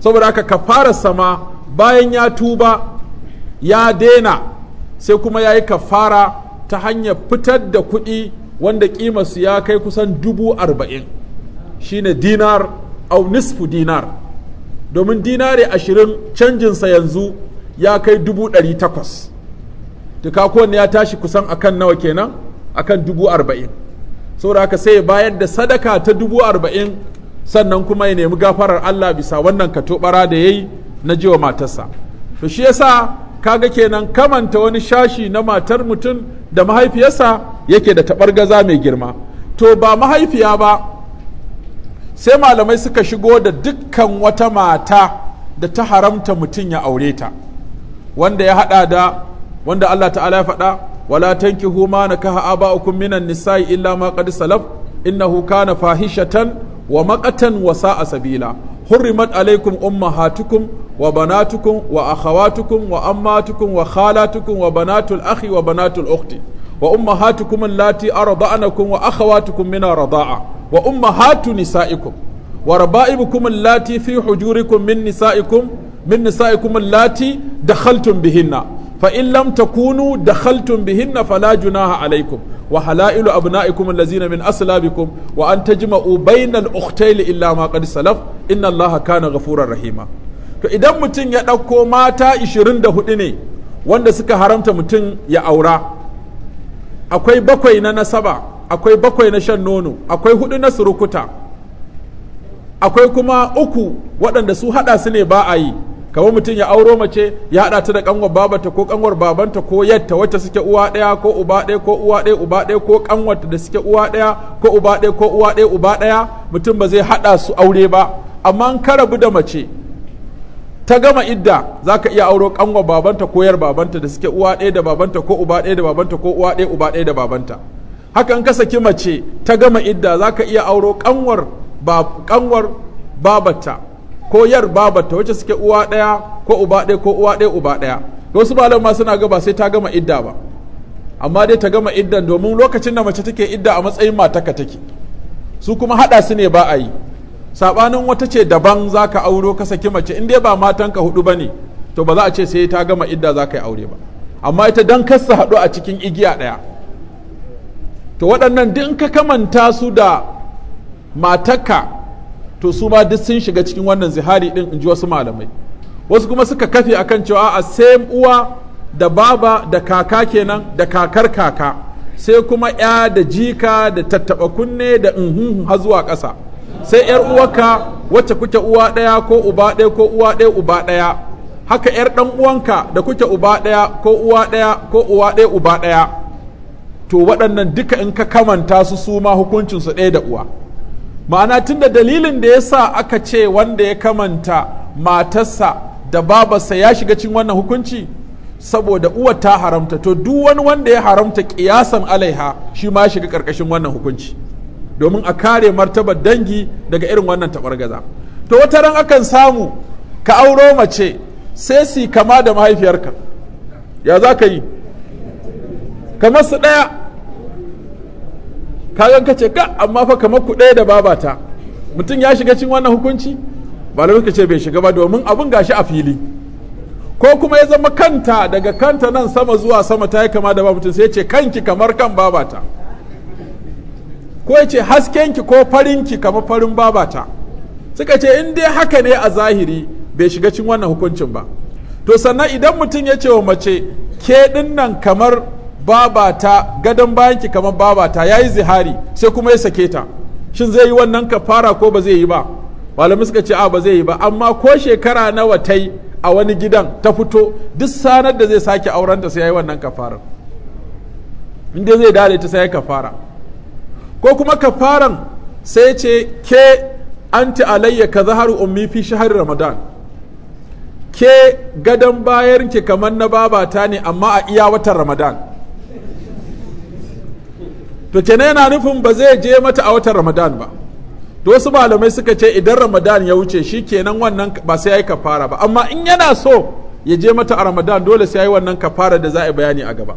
saboda haka kafara sama bayan ya tuba ya daina sai kuma ya yi kafara ta hanyar fitar da kuɗi wanda ƙimarsu ya kai kusan dubu arba'in shi ne dinar au nisfu dinar domin dinari ashirin canjinsa yanzu ya kai dubu ɗari takwas kowanne ya tashi kusan akan nawa kenan akan dubu arba'in saboda haka sai ya bayar da sadaka ta dubu arba'in sannan kuma ya nemi gafarar allah bisa wannan katobara da ya yi na jiwa matarsa to shi yasa kaga kenan kamanta wani shashi na matar mutum da mahaifiyarsa yake da gaza mai girma to ba mahaifiya ba sai malamai suka shigo da dukkan wata mata da ta haramta mutum ya aure ta wanda ya hada da wanda Allah ta'ala ya faɗa wala tankihu ma nakaha aba'ukum minan nisa'i illa ma qad salaf innahu kana fahishatan wa maqatan wasa a sabila hurrimat alaikum ummahatukum wa banatukum wa akhawatukum wa ammatukum wa khalatukum wa banatul akhi wa banatul ukhti wa ummahatukum allati arda'anakum wa akhawatukum min arda'a wa ummahatu nisaikum wa raba'ibukum allati fi hujurikum min nisaikum min nisaikum bihinna fa in kunu da dakhaltum bihinna fala junaha alaikum wa halailu abnaikum allazina min aslabikum wa an jima'u bainal ukhtaili illa ma qad salaf inna allaha kana ghafurar rahima to idan mutum ya ɗauko mata hudu ne wanda suka haramta mutum ya aura akwai bakwai na nasaba akwai bakwai na shan nono akwai hudu na surukuta akwai kuma uku waɗanda su haɗa su ne ba a yi kamar mutum ya auro mace ya haɗa ta da kanwar babanta ko kanwar babanta ko yadda wacce suke uwa ɗaya ko uba ɗaya ko uwa ɗaya uba ɗaya ko kanwarta da suke uwa ɗaya ko uba ɗaya ko uwa ɗaya uba ɗaya mutum ba zai haɗa su aure ba amma an ka rabu da mace ta gama idda za ka iya auro kanwar babanta ko yar babanta da suke uwa ɗaya da babanta ko uba ɗaya da babanta ko uwa ɗaya uba ɗaya da babanta haka in ka saki mace ta gama idda za ka iya auro kanwar babanta ko yar babata wacce suke uwa ɗaya ko uba ɗaya ko uwa ɗaya uba ɗaya wasu malam ma suna ga ba sai ta gama idda ba amma dai ta gama iddan domin lokacin da mace take idda a matsayin mataka take su kuma haɗa su ne ba a yi Sabanin wata ce daban za ka auro ka saki mace in dai ba matanka hudu ba ne to ba za a ce sai ta gama idda za ka yi aure ba amma ita don kasa haɗu a cikin igiya ɗaya to waɗannan duk in ka kamanta su da matarka to su ma duk sun shiga cikin wannan zihari din in ji wasu malamai wasu kuma suka kafe akan cewa a sai uwa da baba da kaka kenan da kakar kaka sai kuma ya da jika da tattaba kunne da inhun har zuwa ƙasa sai yar uwarka wacce kuke uwa ɗaya ko uba ɗaya ko uwa ɗaya uba ɗaya haka yar ɗan uwanka da kuke uba ɗaya ko uwa ɗaya ko uwa ɗaya uba ɗaya to waɗannan duka in ka kamanta su su ma hukuncinsu ɗaya da uwa ma'ana tunda dalilin da ya sa aka ce wanda ya kamanta matarsa da babarsa ya shiga cin wannan hukunci saboda uwa ta haramta to duk wani wanda ya haramta kiyasan alaiha shi ma ya shiga karkashin wannan hukunci domin a kare martabar dangi daga irin wannan tabargaza to wata ran akan samu ka auro mace sai su kama da mahaifiyarka ya za ka yi kamar su ɗaya kagan ka ce ka amma fa kamar ku ɗaya da babata mutum ya shiga cin wannan hukunci ba ka ce bai shiga ba domin abin gashi a fili ko kuma ya zama kanta daga kanta nan sama zuwa sama ta yi kama da ba mutum sai ya ce kanki kamar kan babata ko ya ce haskenki ko farinki kamar farin babata suka ce in dai haka ne a zahiri bai shiga cin wannan hukuncin ba to sannan idan mutum ya ce wa mace ke ɗin nan kamar babata gadon bayanki kamar babata ya yi zihari sai kuma ya sake ta shin zai yi wannan kafara ko ba zai yi ba malamai suka ce a ba zai yi ba amma ko shekara nawa ta yi a wani gidan ta fito duk sanar da zai sake aurenta sai ya yi wannan kafarar inda zai dade ta sai ya kafara ko kuma kafaran sai ce ke anti alayya ka zaharu ummi fi shahar ramadan ke gadon bayan ki kamar na babata ne amma a iya watan ramadan to kenan yana nufin ba zai je mata a watan ramadan ba to wasu malamai suka ce idan ramadan ya wuce shi kenan wannan ba sai ya yayi kafara ba amma in yana so ya je mata a ramadan dole sai ya yi wannan kafara da za a bayani a gaba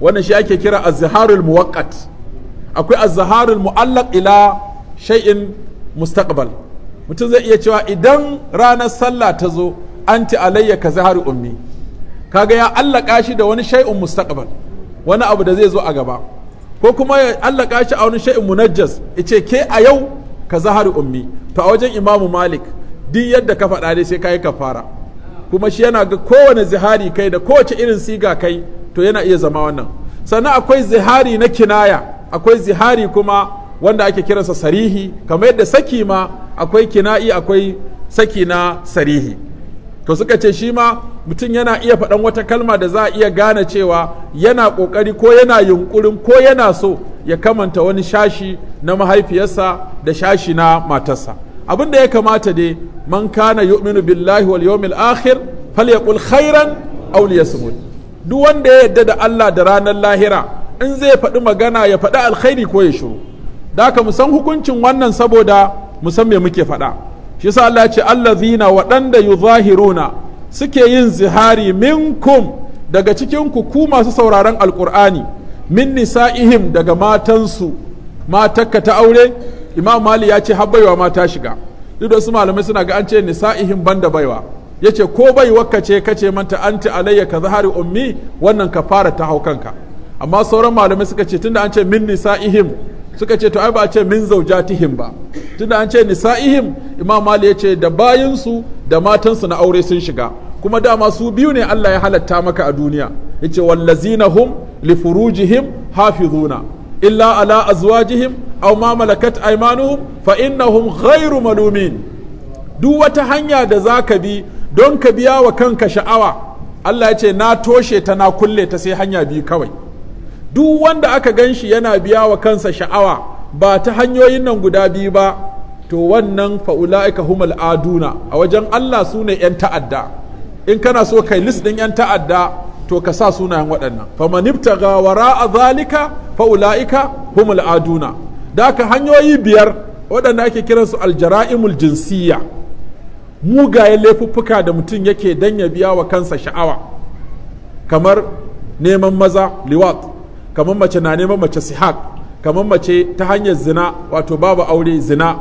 wannan shi ake kira azharul muwaqqat akwai azharul muallaq ila shay'in mustaqbal mutum zai iya cewa idan ranar sallah ta zo anti alayya ka zahar ummi kaga ya allaka shi da wani shay'un mustaqbal wani abu da zai zo a gaba ko kuma ya allaka shi a wani sha'in munajjas ce ke a yau ka zahar ummi to a wajen imamu malik din yadda ka faɗa dai sai ka yi kafara kuma shi yana ga kowane zihari kai da kowace irin siga kai to yana iya zama wannan sannan akwai zihari na kinaya akwai zihari kuma wanda ake kiransa sarihi kamar yadda saki ma akwai kina'i akwai saki na sarihi to suka ce shi ma mutum yana iya faɗan wata kalma da za a iya gane cewa yana ƙoƙari ko yana yunƙurin ko yana so ya kamanta wani shashi na mahaifiyarsa da shashi na matarsa abin da ya kamata dai man kana yu'minu billahi wal yawmil akhir falyaqul khairan aw liyasmut duk wanda ya yadda da Allah da ranar lahira in zai faɗi magana ya faɗi alkhairi ko ya shiru da ka mu san hukuncin wannan saboda mu san me muke faɗa shi sa Allah ya ce allazina waɗanda yuzahiruna suke yin zihari minkum daga cikin ku ku masu sauraron alkur'ani min nisa'ihim daga matansu matakka ta aure imam mali ya ce habbaiwa mata shiga duk su malamai suna ga an ce nisa'ihim banda baiwa yace ko baiwa kace kace manta anti alayya ka zahari ummi wannan ka fara ta hau kanka amma sauran malamai suka ce tunda an ce min nisa'ihim suka ce to ai ba a ce min zaujatihim ba tunda an ce nisa'ihim imam mali ya ce da bayansu da matansu na aure sun shiga kuma dama su biyu ne Allah ya halatta maka a duniya yace wallazina hum li furujihim hafizuna illa ala azwajihim aw ma malakat aymanuhum fa innahum ghairu malumin duk wata hanya da zaka bi don ka biya wa kanka sha'awa Allah ya ce na toshe ta na kulle ta sai hanya biyu kawai duk wanda aka gan shi yana biya wa kansa sha'awa ba ta hanyoyin nan guda biyu ba to wannan fa'ula'ika humal aduna a wajen Allah su ne 'yan ta'adda in kana so kai list ɗin 'yan ta'adda to ka sa sunayen waɗannan famanifta ga wara a zalika fa'ula'ika humal aduna da aka hanyoyi biyar waɗanda ake kiransu aljara'imul jinsiyya mugayen laifuffuka da mutum yake dan ya biya wa kansa sha'awa kamar neman maza liwat kamar mace na neman mace sihak kamar mace ta hanyar zina wato babu aure zina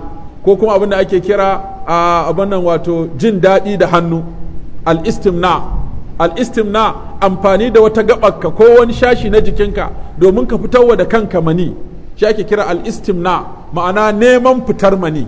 ko kuma abin da ake kira a abinnan wato jin daɗi da hannu al-istimna al-istimna amfani da wata gaɓarka ko wani shashi na jikinka domin ka fitarwa da kanka mani shi ake kira al-istimna ma'ana neman fitar mani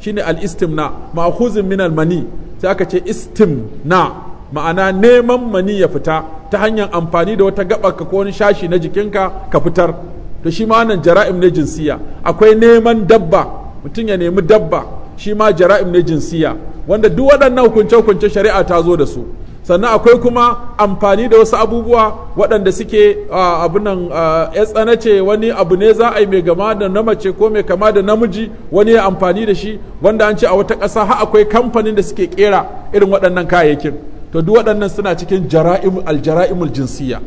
shine al-istimna ma'khuzun min mani sai aka ce istimna ma'ana neman mani ya fita ta hanyar amfani da wata gaɓarka ko wani shashi na jikinka ka fitar to shi ma wannan jara'im ne jinsiya akwai neman dabba mutum ya nemi dabba shi ma jara'im ne jinsiya wanda duk waɗannan hukunce-hukunce shari'a ta zo da su sannan akwai kuma amfani da wasu abubuwa waɗanda suke abunan ya tsanace wani abu ne za a yi mai gama da na mace ko mai kama da namiji wani ya amfani da shi wanda an ce a wata ƙasa har akwai kamfanin da suke ƙera irin waɗannan kayayyakin to duk waɗannan suna cikin jara'im aljara'imul jinsiyya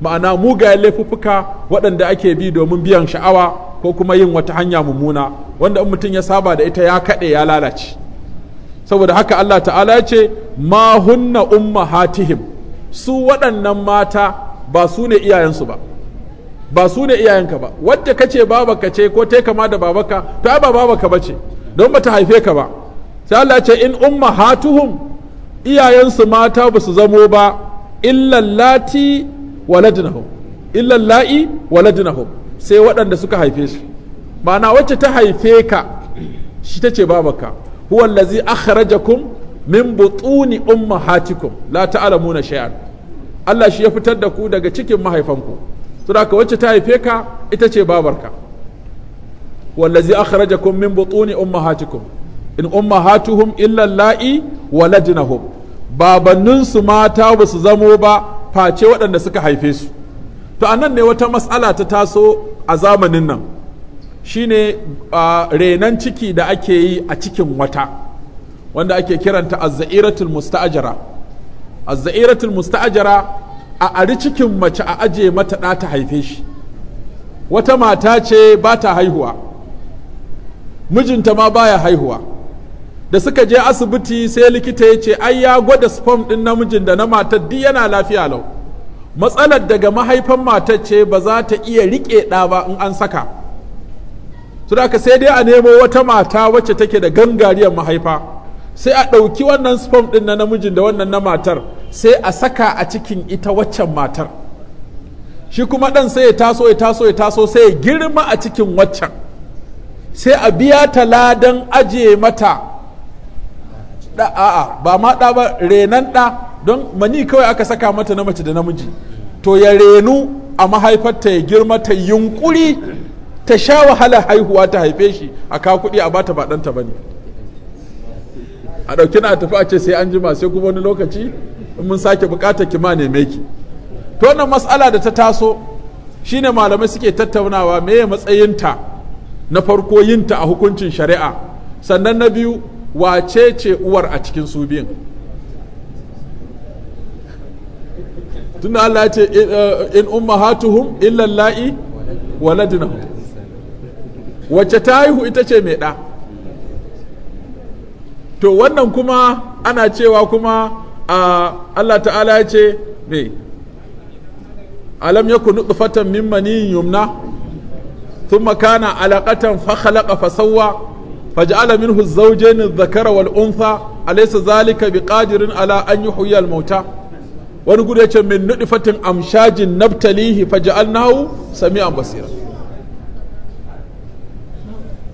ma'ana mugayen laifuffuka waɗanda ake bi domin biyan sha'awa ko kuma yin wata hanya mummuna wanda in mutum ya saba da ita ya kaɗe ya lalace saboda haka Allah ta'ala ya ce ma hunna hatihim su waɗannan mata ba su ne iyayensu ba ba su ne iyayenka ba wadda ka ce babaka ce ko ta kama da babaka to ba babaka ba ce don ba ta haife ka ba sai Allah ce in hatuhum iyayensu mata ba su zamo ba illallati waladnahum illalla'i waladnahum sai waɗanda suka haife su ma'ana wacce ta haife ka shi ta ce babaka huwa allazi akhrajakum min butuni ummahatikum la ta'lamuna shay'an Allah shi ya fitar da ku daga cikin mahaifanku saboda wacce ta haife ka ita ce babarka wallazi akhrajakum min butuni ummahatikum in ummahatuhum illa la'i waladnahum babanninsu mata ba su zamo ba face waɗanda suka haife su to anan ne wata matsala ta taso a zamanin nan shine uh, renan ciki da ake yi a cikin wata wanda ake kiranta azza'iratul musta'ajara azza'iratul musta'ajara a ari cikin mace a aje mata ɗa ta haife shi wata mata ce ba ta haihuwa mijinta ma baya haihuwa da suka je asibiti sai likita ya ce ai ya gwada sperm ɗin namijin da na matar duk yana lafiya lau matsalar daga mahaifan matar ce ba za ta iya rike ɗa ba in an saka su aka sai dai a nemo wata mata wacce take da gangariyar mahaifa sai a ɗauki wannan sperm ɗin na namijin da wannan na matar sai a saka a cikin ita waccan matar shi kuma ɗan sai ya taso ya taso ya taso sai ya girma a cikin waccan sai a biya ta ladan ajiye mata a'a ba ma da ba renan da don mani kawai aka saka mata na mace da namiji to ya renu a mahaifarta ya girma ta yunkuri ta sha wahalar haihuwa ta haife shi a kawo kuɗi a bata ba ɗanta ba ne a ɗauki na tafi a ce sai an jima sai kuma wani lokaci mun sake bukata ki ma neme ki to wannan matsala da ta taso shine malamai suke tattaunawa meye matsayinta na farko yinta a hukuncin shari'a sannan na biyu wace ce uwar a cikin su biyan tunda Allah ya ce uh, in ummahatuhum illan la'i waladunahum wacce ta haihu ita ce mai ɗa to wannan kuma ana cewa kuma a uh, Allah ta'ala ya ce me alam ku nutfatan fatan maniyin yumna thumma kana alaqatan fa khalaqa fa sawwa faj'ala minhu zawjayn adh-dhakara wal untha alaysa zalika biqadirin ala anyi yuhyiya al-mauta wani gudu yace min nudfatin amshajin nabtalihi faj'alnahu sami'an basira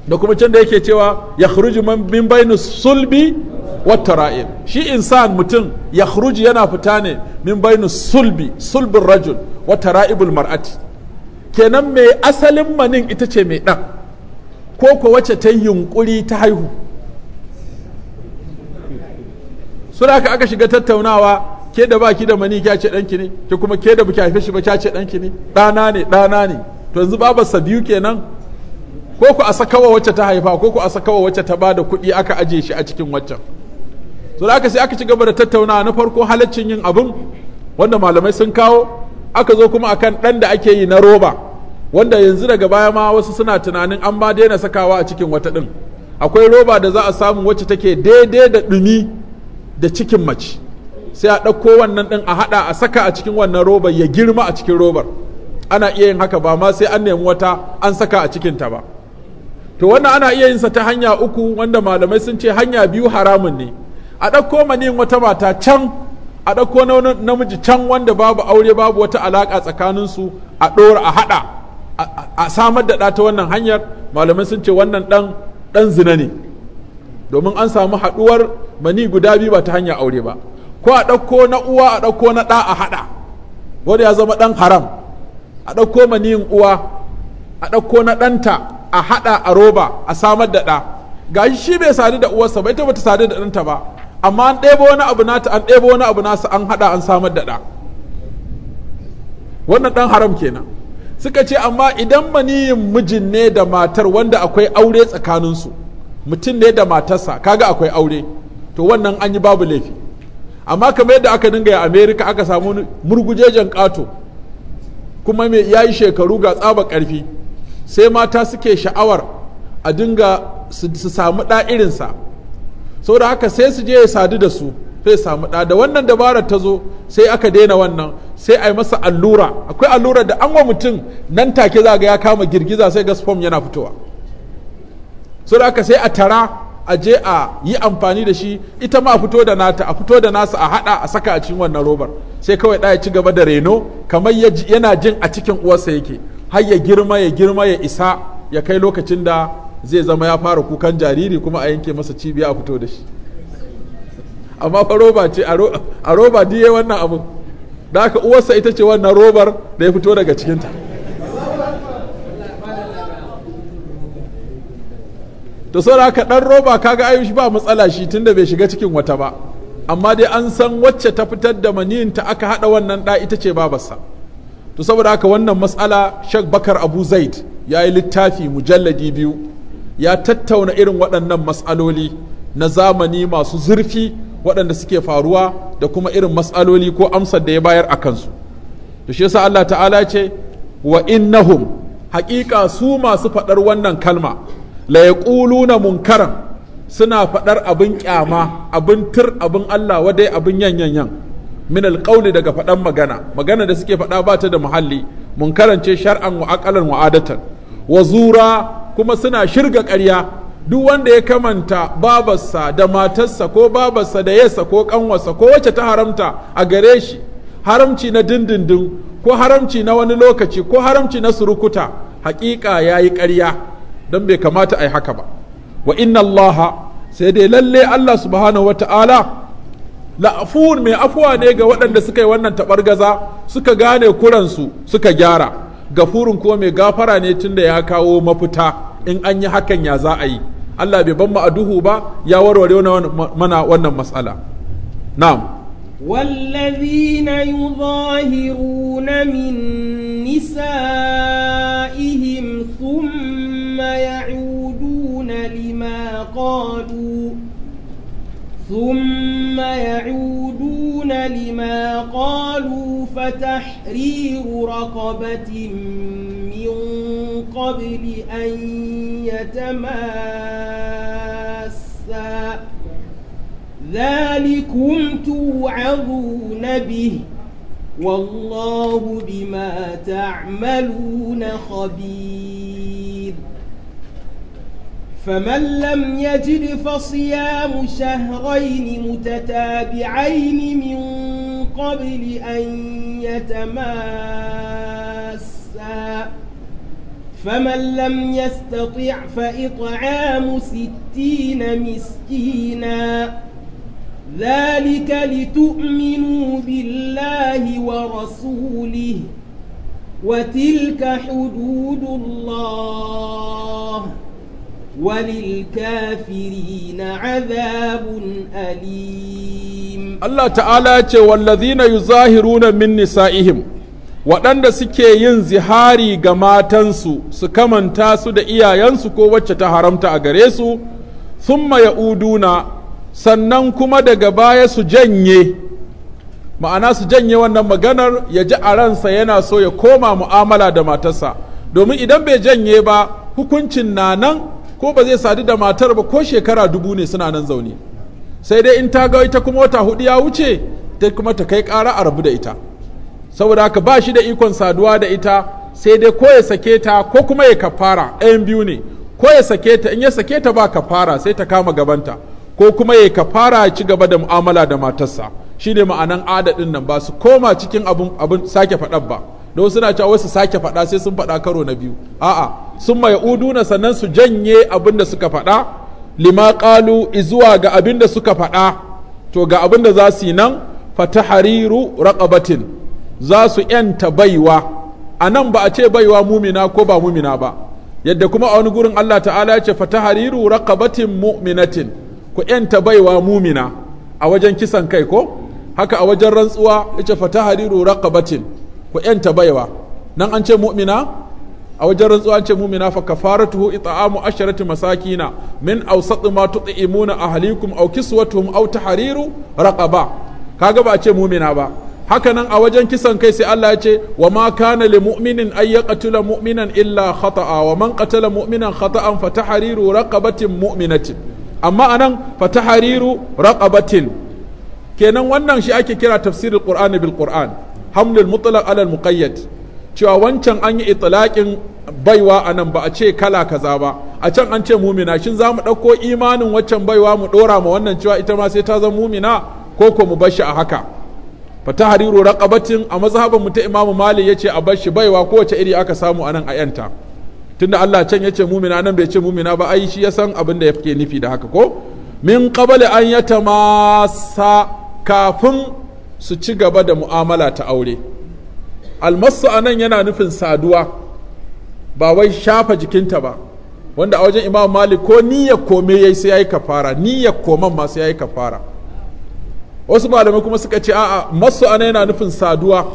da kuma can da yake cewa ya khruju man min bainu sulbi watara'il shi insan mutum ya khruju yana fita ne min bainu sulbi sulbin rajul watara'ibul mar'ati kenan mai asalin manin ita ce mai ɗan ko ko wacce ta yunkuri ta haihu suna ka aka shiga tattaunawa ke da baki da mani kya ce ɗanki ne ke kuma ke da baki ba kya ce ɗanki ne ɗana ne ɗana ne to yanzu babarsa biyu kenan ko ku a sakawa wacce ta haifa ko ku a sakawa wacce ta bada kuɗi aka aje shi a cikin waccan so da aka sai aka ci gaba da tattaunawa na farko halaccin yin abin wanda malamai sun kawo aka zo kuma akan ɗan da ake yi na roba wanda yanzu daga baya ma wasu suna tunanin an ba daina sakawa a cikin wata ɗin akwai roba da za a samu wacce take daidai da ɗumi da cikin mace sai a ɗauko wannan ɗin a haɗa a saka a cikin wannan robar ya girma a cikin robar ana iya yin haka ba ma sai an nemi wata an saka a cikin ta ba to wannan ana iya yin sa ta hanya uku wanda malamai sun ce hanya biyu haramun ne a ɗauko maniyin wata mata can a ɗauko namiji can wanda babu aure babu wata alaƙa tsakaninsu a ɗora a haɗa a samar da ɗa ta wannan hanyar malamai sun ce wannan ɗan ɗan zina ne domin an samu haɗuwar mani guda biyu ba ta hanyar aure ba ko a ɗauko na uwa a ɗauko na ɗa a haɗa wanda ya zama ɗan haram a ɗauko maniyin uwa a ɗauko na ɗanta a haɗa a roba a samar da ɗa gashi shi bai sadu da uwarsa ba ita bata sadu da ɗanta ba amma an ɗebo wani abu nata an ɗebo wani abu nasa an haɗa an samar da ɗa wannan ɗan haram kenan suka ce amma idan maniyin mijin ne da matar wanda akwai aure tsakaninsu mutum ne da matarsa kaga akwai aure to wannan an yi babu laifi amma kamar yadda aka dinga ya amerika aka samu murgujejen ƙato kuma mai ya yi shekaru ga tsaba karfi sai mata suke sha'awar a dinga su samu da'irinsa sau da haka sai su je ya sadu da su sai samu ɗa da wannan dabarar ta zo sai aka daina wannan sai a yi masa allura akwai allura da an wa mutum nan take za ga ya kama girgiza sai ga sperm yana fitowa so da aka sai a tara a je a yi amfani da shi ita ma a fito da nata a fito da nasa a hada a saka a cikin wannan robar sai kawai ɗa ya ci gaba da reno kamar yana jin a cikin uwarsa yake har ya girma ya girma ya isa ya kai lokacin da zai zama ya fara kukan jariri kuma a yanke masa cibiya a fito da shi amma fa roba ce a roba diye wannan abu da aka uwarsa ita ce wannan robar da ya fito daga cikinta to da haka dan roba kaga ayu shi ba matsala shi tunda bai shiga cikin wata ba amma dai an san wacce ta fitar da maniyin ta aka hada wannan da ita ce babarsa to saboda haka wannan matsala Sheikh Bakar Abu Zaid ya yi littafi mujalladi biyu ya tattauna irin waɗannan matsaloli na zamani masu zurfi waɗanda suke faruwa da kuma irin matsaloli ko amsar da ya bayar a kansu to shi yasa Allah ta'ala ce wa innahum haƙiƙa su masu faɗar wannan kalma la yaquluna munkaran suna faɗar abin ƙyama abin tur abin Allah wadai abin yanyanyan min alqauli daga faɗan magana magana da suke faɗa ba ta da muhalli munkaran ce shar'an wa aqalan wa adatan wa zura kuma suna shirga ƙarya duk wanda ya kamanta babarsa da matarsa ko babarsa da yasa ko kanwarsa ko wacce ta haramta a gare shi haramci na dindindin ko haramci na wani lokaci ko haramci na surukuta hakika ya yi karya don bai kamata a yi haka ba wa inna Allah sai dai lalle Allah subhanahu wa ta'ala la'afun mai afuwa ne ga waɗanda suka yi wannan gaza suka gane kuransu suka gyara gafurin kuma mai gafara ne tunda ya kawo mafita in an yi hakan ya za a yi Allah bai ban mu a duhu ba ya warware mana wannan matsala na'am والذين يظاهرون من نسائهم ثم يعودون لما قالوا ثم يعودون لما قالوا فتحرير رقبة من قبل أن يتماسا ذلكم توعظون به والله بما تعملون خبير فمن لم يجد فصيام شهرين متتابعين من قبل أن يتماسا فمن لم يستطع فإطعام ستين مسكينا ذلك لتؤمنوا بالله ورسوله وتلك حدود الله وللكافرين عذاب أليم الله تعالى والذين يظاهرون من نسائهم waɗanda suke yin zihari ga matansu su kamanta su da iyayensu ko wacce ta haramta a gare su sun thumma uduna sannan kuma daga baya su janye ma'ana su janye wannan maganar ya ji a ransa yana so ya koma mu'amala da matarsa domin idan bai janye ba hukuncin na nan ko ba zai sadu da matar ba ko shekara dubu ne suna nan zaune sai dai in ta ga ita kuma wata hudu ya wuce ta kuma ta kai ƙara a rabu da ita saboda haka ba shi da ikon saduwa da ita sai dai ko ya sake ta ko kuma ya kafara ɗayan biyu ne ko ya sake ta in ya sake ta ba kafara sai ta kama gabanta ko kuma ya kafara ya ci gaba da mu'amala da matarsa shi ne ma'anan adadin nan ba su koma cikin abin sake faɗar ba don suna cewa wasu sake faɗa sai sun faɗa karo na biyu a'a sun mai uduna sannan su janye abin da suka faɗa lima ƙalu izuwa ga abin da suka faɗa to ga abin da za su yi nan fatahariru raƙabatin za su ‘yanta baiwa a nan ba a ce baiwa mumina ko ba mumina ba yadda kuma a wani gurin Allah ta'ala ya ce fata hariru raqabatin mu'minatin ku ‘yanta baiwa mumina a wajen kisan kai ko haka a wajen rantsuwa ya ce fata hariru raqabatin ku ‘yanta baiwa nan an ce mu'mina a wajen rantsuwa an ce mu'mina fa kafaratuhu it'amu asharati masakina min awsat ma tut'imuna ahlikum aw kiswatuhum aw tahriru raqaba kaga ba a ce mu'mina ba hakanan a wajen kisan kai sai Allah ya ce wa ma kana li mu'minin ay yaqtula mu'minan illa khata'a wa man qatala mu'minan khata'an fa tahriru raqabatin mu'minatin amma anan fa tahriru raqabatin kenan wannan shi ake kira tafsirul qur'ani bil qur'an hamlul mutlaq ala al muqayyad cewa wancan an yi itlaqin baiwa anan ba a ce kala kaza ba a can an ce mumina shin za mu ɗauko imanin waccan baiwa mu ɗora ma wannan cewa ita ma sai ta zama mumina ko ko mu bashi a haka fatahariru tahriru raqabatin a mazhaban mu ta Imam Malik yace a bar shi baiwa kowace iri aka samu anan a yanta tunda Allah can yace mumina nan bai ce mumina ba ai shi ya san abin da yake nufi da haka ko min qabli an yatamassa kafin su ci gaba da mu'amala ta aure almasu anan yana nufin saduwa ba wai shafa jikinta ba wanda a wajen Imam Malik ko niyyar kome yayi sai yayi kafara niyyar koman ma sai yayi kafara wasu malamai kuma suka ce a'a masu ana yana nufin saduwa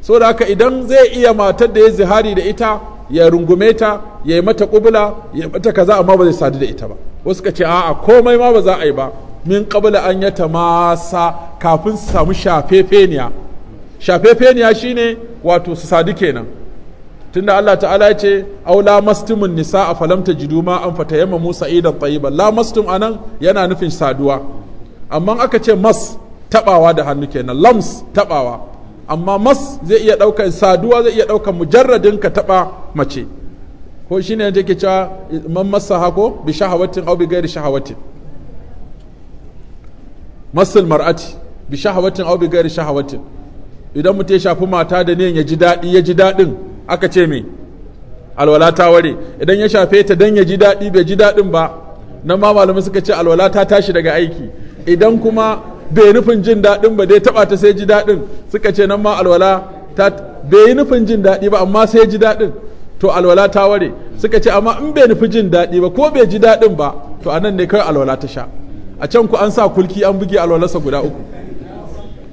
so da haka idan zai iya matar da ya zihari da ita ya rungume ta ya yi mata kubula ya yi mata kaza amma ba zai sadu da ita ba wasu suka ce a'a komai ma ba za a yi ba min kabila an yata masa kafin su samu shafefeniya shafefeniya shine wato su sadu kenan tunda Allah ta'ala ya ce aula mastumun nisa a falamta jiduma an fata yamma musa idan tayyiban la mastum anan yana nufin saduwa amma aka ce mas tabawa da hannu kenan lams tabawa amma mas zai iya ɗaukar saduwa zai iya ɗauka mujarradin ka taba mace ko shine yadda ke cewa man masa hako bi shahawatin au bi gairi shahawatin masul mar'ati bi shahawatin au bi gairi shahawatin idan mutum ya shafi mata da niyan ya ji daɗi ya ji daɗin aka ce me alwala ta ware idan ya shafe ta dan ya ji daɗi bai ji daɗin ba nan ma malamai suka ce alwala ta tashi daga aiki idan kuma bai nufin jin daɗin ba dai taɓa ta sai ji daɗin suka ce nan ma alwala ta bai yi nufin jin daɗi ba amma sai ji daɗin to alwala ta ware suka ce amma in bai nufi jin daɗi ba ko bai ji daɗin ba to anan ne kawai alwala ta sha a can ku an sa kulki an buge alwalarsa guda uku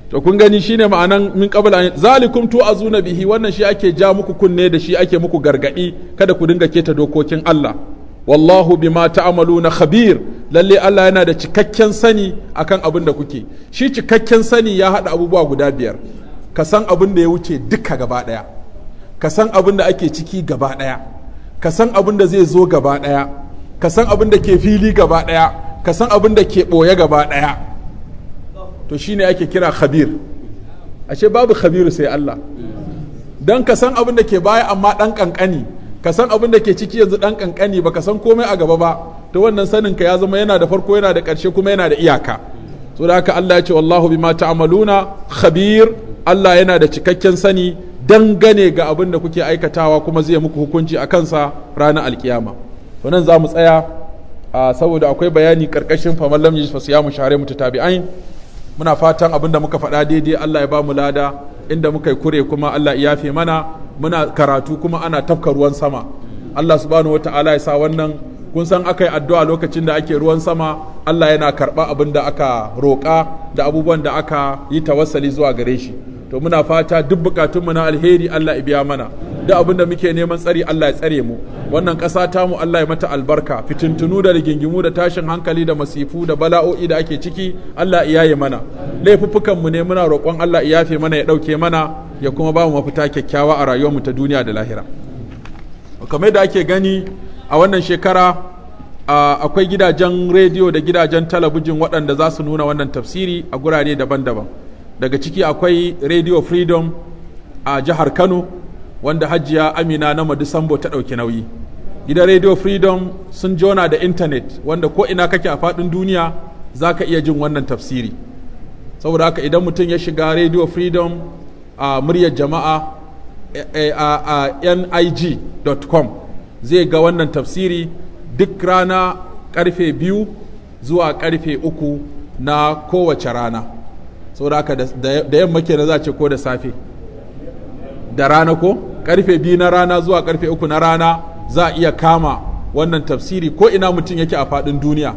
to kun gani shine ma'anan min qabla an zalikum tu azuna bihi wannan shi ake ja muku kunne da shi ake muku gargadi kada ku dinga keta dokokin Allah wallahu bima ta'maluna khabir lalle Allah yana da cikakken sani akan abin da kuke shi cikakken sani ya haɗa abubuwa guda biyar ka san abin da ya wuce duka gaba daya ka san abin da ake ciki gaba daya ka san abin da zai zo gaba daya ka san abin da ke fili gaba daya ka san abin da ke boye gaba daya to shine ake kira khabir ashe babu khabiru sai Allah dan ka san abin da ke baya amma dan kankani ka san abin da ke ciki yanzu dan kankani ba ka san komai a gaba ba to wannan sanin ka ya zama yana da farko yana da ƙarshe kuma yana da iyaka so da haka Allah ya ce wallahu bima ta'maluna khabir Allah yana da cikakken sani dangane ga abin da kuke aikatawa kuma zai muku hukunci a kansa ranar alkiyama to nan za mu tsaya saboda akwai bayani karkashin faman lam yajid mu share tabi'ain muna fatan abin da muka faɗa daidai Allah ya ba mu lada inda muka yi kure kuma Allah ya yafe mana muna karatu kuma ana tafka ruwan sama Allah subhanahu ta'ala ya sa wannan kun san aka addu'a lokacin da ake ruwan sama Allah yana karɓa abin da aka roƙa da abubuwan da aka yi tawassali zuwa gare shi to muna fata duk bukatun mu na alheri Allah ya biya mana duk abin da muke neman tsari Allah ya tsare mu wannan ƙasa ta mu Allah ya mata albarka fitintunu da rigingimu da tashin hankali da masifu da bala'o'i da ake ciki Allah ya yaye mana laifuffukan mu ne muna roƙon Allah ya yafe mana ya ɗauke mana ya kuma ba mu mafita kyakkyawa a rayuwarmu ta duniya da lahira kamar da ake gani a wannan shekara akwai gidajen rediyo da gidajen talabijin waɗanda za su nuna wannan tafsiri a gurare daban-daban daga ciki akwai radio freedom a jihar kano wanda hajiya amina na madisambo ta ɗauki nauyi gidan radio freedom sun jona da intanet wanda ko ina kake a faɗin duniya za ka iya jin wannan tafsiri saboda haka idan mutum ya shiga radio freedom a muryar jama'a eh, eh, a nig.com zai ga wannan tafsiri duk rana karfe biyu zuwa karfe uku na kowace rana saboda haka da yamma ke za a ce ko da safe da rana ko karfe biyu na rana zuwa karfe uku na rana za a iya kama wannan tafsiri ko ina mutum yake a faɗin duniya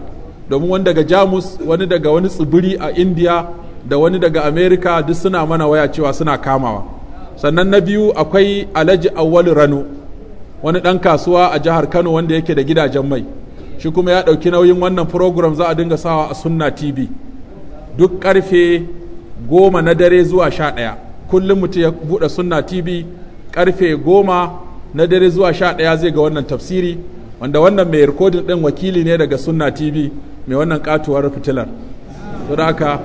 domin wani daga jamus wani daga wani tsibiri a indiya da wani daga america duk suna mana waya cewa suna kamawa sannan na biyu akwai alhaji awwal rano wani ɗan kasuwa a jihar kano wanda yake da gidajen mai shi kuma ya ɗauki nauyin wannan program za a dinga sawa a sunna tv duk karfe. goma na dare zuwa sha ɗaya kullum mutum ya buɗe sunna tv karfe goma na dare zuwa sha ɗaya zai ga wannan tafsiri wanda wannan mai rikodin ɗin wakili ne daga sunna tv mai wannan katuwar fitilar don haka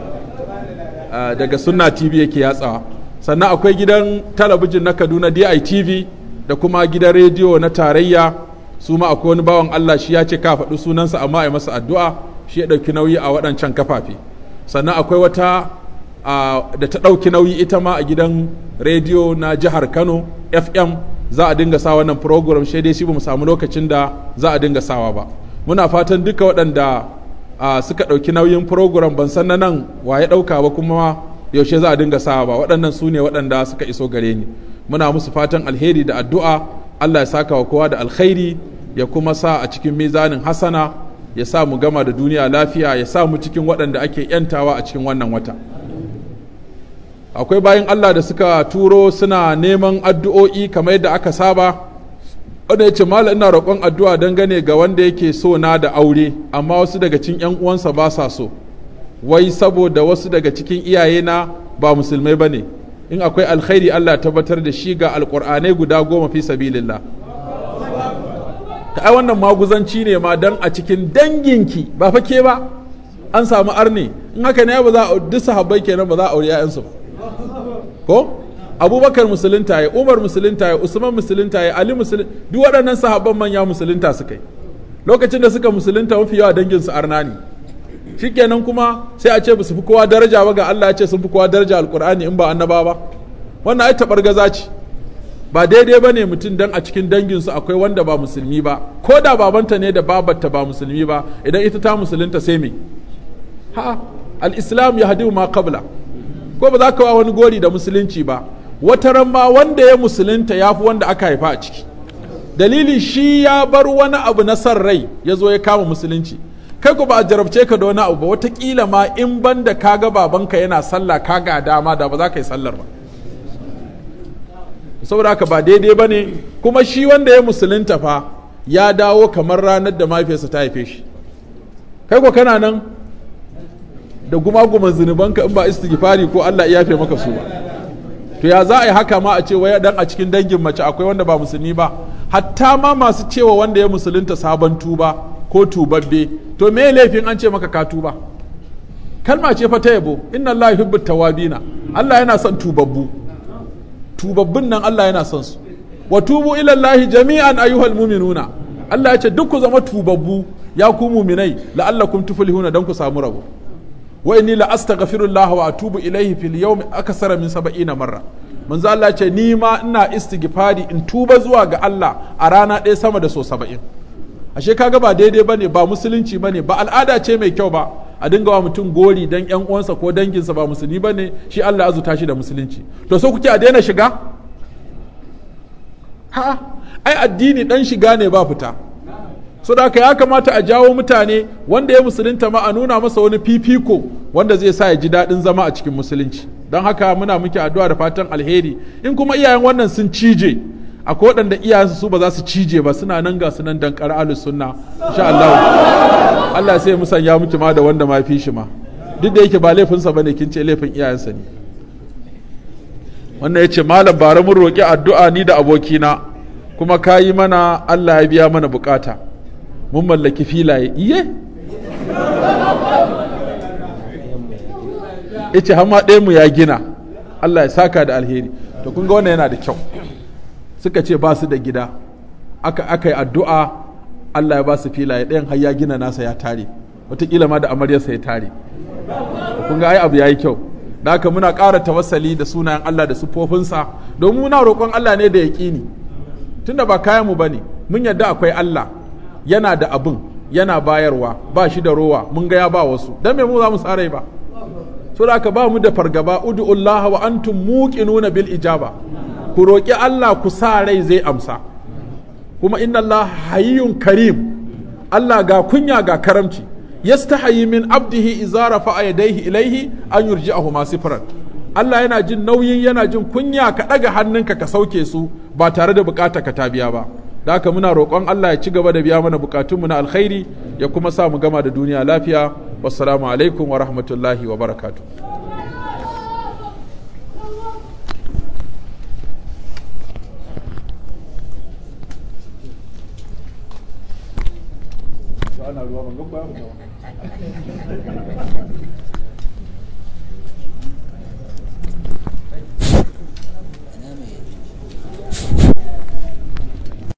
daga sunna tv yake yatsawa sannan akwai gidan talabijin na kaduna ditv da kuma gidan rediyo na tarayya su ma akwai wani bawan allah shi ya ce ka faɗi sunansa amma a masa addu'a shi ya ɗauki nauyi a waɗancan kafafe sannan akwai wata da ta ɗauki nauyi ita ma a gidan rediyo na jihar kano fm za a dinga sa wannan program shi dai shi ba mu samu lokacin da za a dinga sawa ba muna fatan duka waɗanda suka ɗauki nauyin program ban san na nan wa ya ɗauka ba kuma yaushe za a dinga sawa ba waɗannan su ne waɗanda suka iso gare ni muna musu fatan alheri da addu'a allah ya saka wa kowa da alkhairi ya kuma sa a cikin mizanin hasana ya sa mu gama da duniya lafiya ya sa mu cikin waɗanda ake 'yantawa a cikin wannan wata akwai bayan Allah da suka turo suna neman addu'o'i kamar yadda aka saba wanda ya ce mala ina roƙon addu'a don gane ga wanda yake so na da aure amma wasu daga cikin 'yan uwansa ba sa so wai saboda wasu daga cikin iyaye na ba musulmai ba ne in akwai alkhairi Allah tabbatar da shi ga alƙur'anai guda goma fi sabilillah ta wannan maguzanci ne ma dan a cikin danginki ba fa ke ba an samu arni in haka ne ba za a dusa sahabbai kenan ba za a aure 'ya'yansu ba ko abubakar musulunta ya umar musulunta ya usman musulunta ya ali musulunta duk waɗannan sahabban manya musulunta suka yi lokacin da suka musulunta mafi yawa dangin su arna ne shikenan kuma sai a ce su fi kowa daraja ba ga Allah ya ce sun fi kowa daraja alkur'ani in ba annaba ba wannan ai tabar gaza ce ba daidai ba ne mutum dan a cikin dangin su akwai wanda ba musulmi ba ko da babanta ne da babarta ba musulmi ba idan ita ta musulunta sai me ha al-islam yahdi ma qabla ko ba za ka wa wani gori da musulunci ba wata ran ma wanda ya musulunta ya fi wanda aka haifa a ciki dalili shi ya bar wani abu na san rai ya zo ya kama musulunci kai ku ba a jarabce ka da wani abu ba watakila ma in ban da ka ga babanka yana sallah ka ga dama da ba za ka yi sallar ba saboda haka ba daidai ba ne kuma shi wanda ya musulunta fa ya dawo kamar ranar da mahaifiyarsa ta haife shi kai ko kana nan da gumaguman zunubanka in ba istighfari ko Allah ya yafe maka su ba to ya za a yi haka ma a ce wai dan a cikin dangin mace akwai wanda ba musulmi ba hatta ma masu cewa wanda ya musulunta sabon tuba ko tubabbe to me laifin an ce maka ka tuba kalma ce fa ta yabo inna Allah yuhibbu tawabina Allah yana son tubabbu tubabbun nan Allah yana son su wa tubu ila Allah jami'an ayyuhal mu'minuna Allah ya ce duk ku zama tubabbu ya ku mu'minai la'allakum tuflihuna dan ku samu rabo wa inni la astaghfirullah wa atubu ilayhi fil yawm akthara min 70 marra manzo Allah ce ni ma ina istighfari in tuba zuwa ga Allah a rana ɗaya sama da so 70 ashe kaga ba daidai bane ba musulunci bane ba al'ada ce mai kyau ba a dinga wa mutum gori dan yan uwansa ko danginsa ba musulmi bane shi Allah azu tashi da musulunci to so kuke a daina shiga ha ai addini dan shiga ne ba fita so da ya kamata a jawo mutane wanda ya musulunta ma a nuna masa wani fifiko wanda zai sa ya ji daɗin zama a cikin musulunci don haka muna muke addu'a da fatan alheri in kuma iyayen wannan sun cije akwai waɗanda iyayensu su ba za su cije ba suna nan ga sunan dan ahlus sunna insha Allah Allah sai musanya miki ma da wanda ma fi shi ma duk da yake ba laifinsa ba bane kin ce laifin iyayensa ne wannan yace malam bara mun roki addu'a ni da abokina kuma kayi mana Allah ya biya mana bukata mun mallaki filaye iye ice hama mu ya gina Allah ya saka da alheri to kun ga wannan yana da kyau suka ce ba su da gida aka aka yi addu'a Allah ya ba su filaye ɗayan har ya gina nasa ya tare wataƙila ma da amaryarsa ya tare kun ga ai abu yayi kyau da haka muna ƙara tawassali da sunayen Allah da sufofinsa domin muna roƙon Allah ne da ni. tunda ba kayan mu ne mun yadda akwai Allah yana da abin yana bayarwa ba shi da rowa mun ga ya ba wasu dan me mu za mu sarai ba so da ba mu da fargaba ud'ullaha wa antum muqinuna bil ijaba ku roki Allah ku sa rai zai amsa kuma inna Allah hayyun karim Allah ga kunya ga karamci yastahi min abdihi idza rafa'a yadayhi ilayhi an yurji'ahuma sifran Allah yana jin nauyin yana jin kunya ka ɗaga hannunka ka sauke su ba tare da bukata ka tabiya ba da haka muna roƙon Allah ya ci gaba da biya mana bukatunmu na alkhairi ya kuma sa mu gama da duniya lafiya wassalamu alaikum wa rahmatullahi wa barakatuh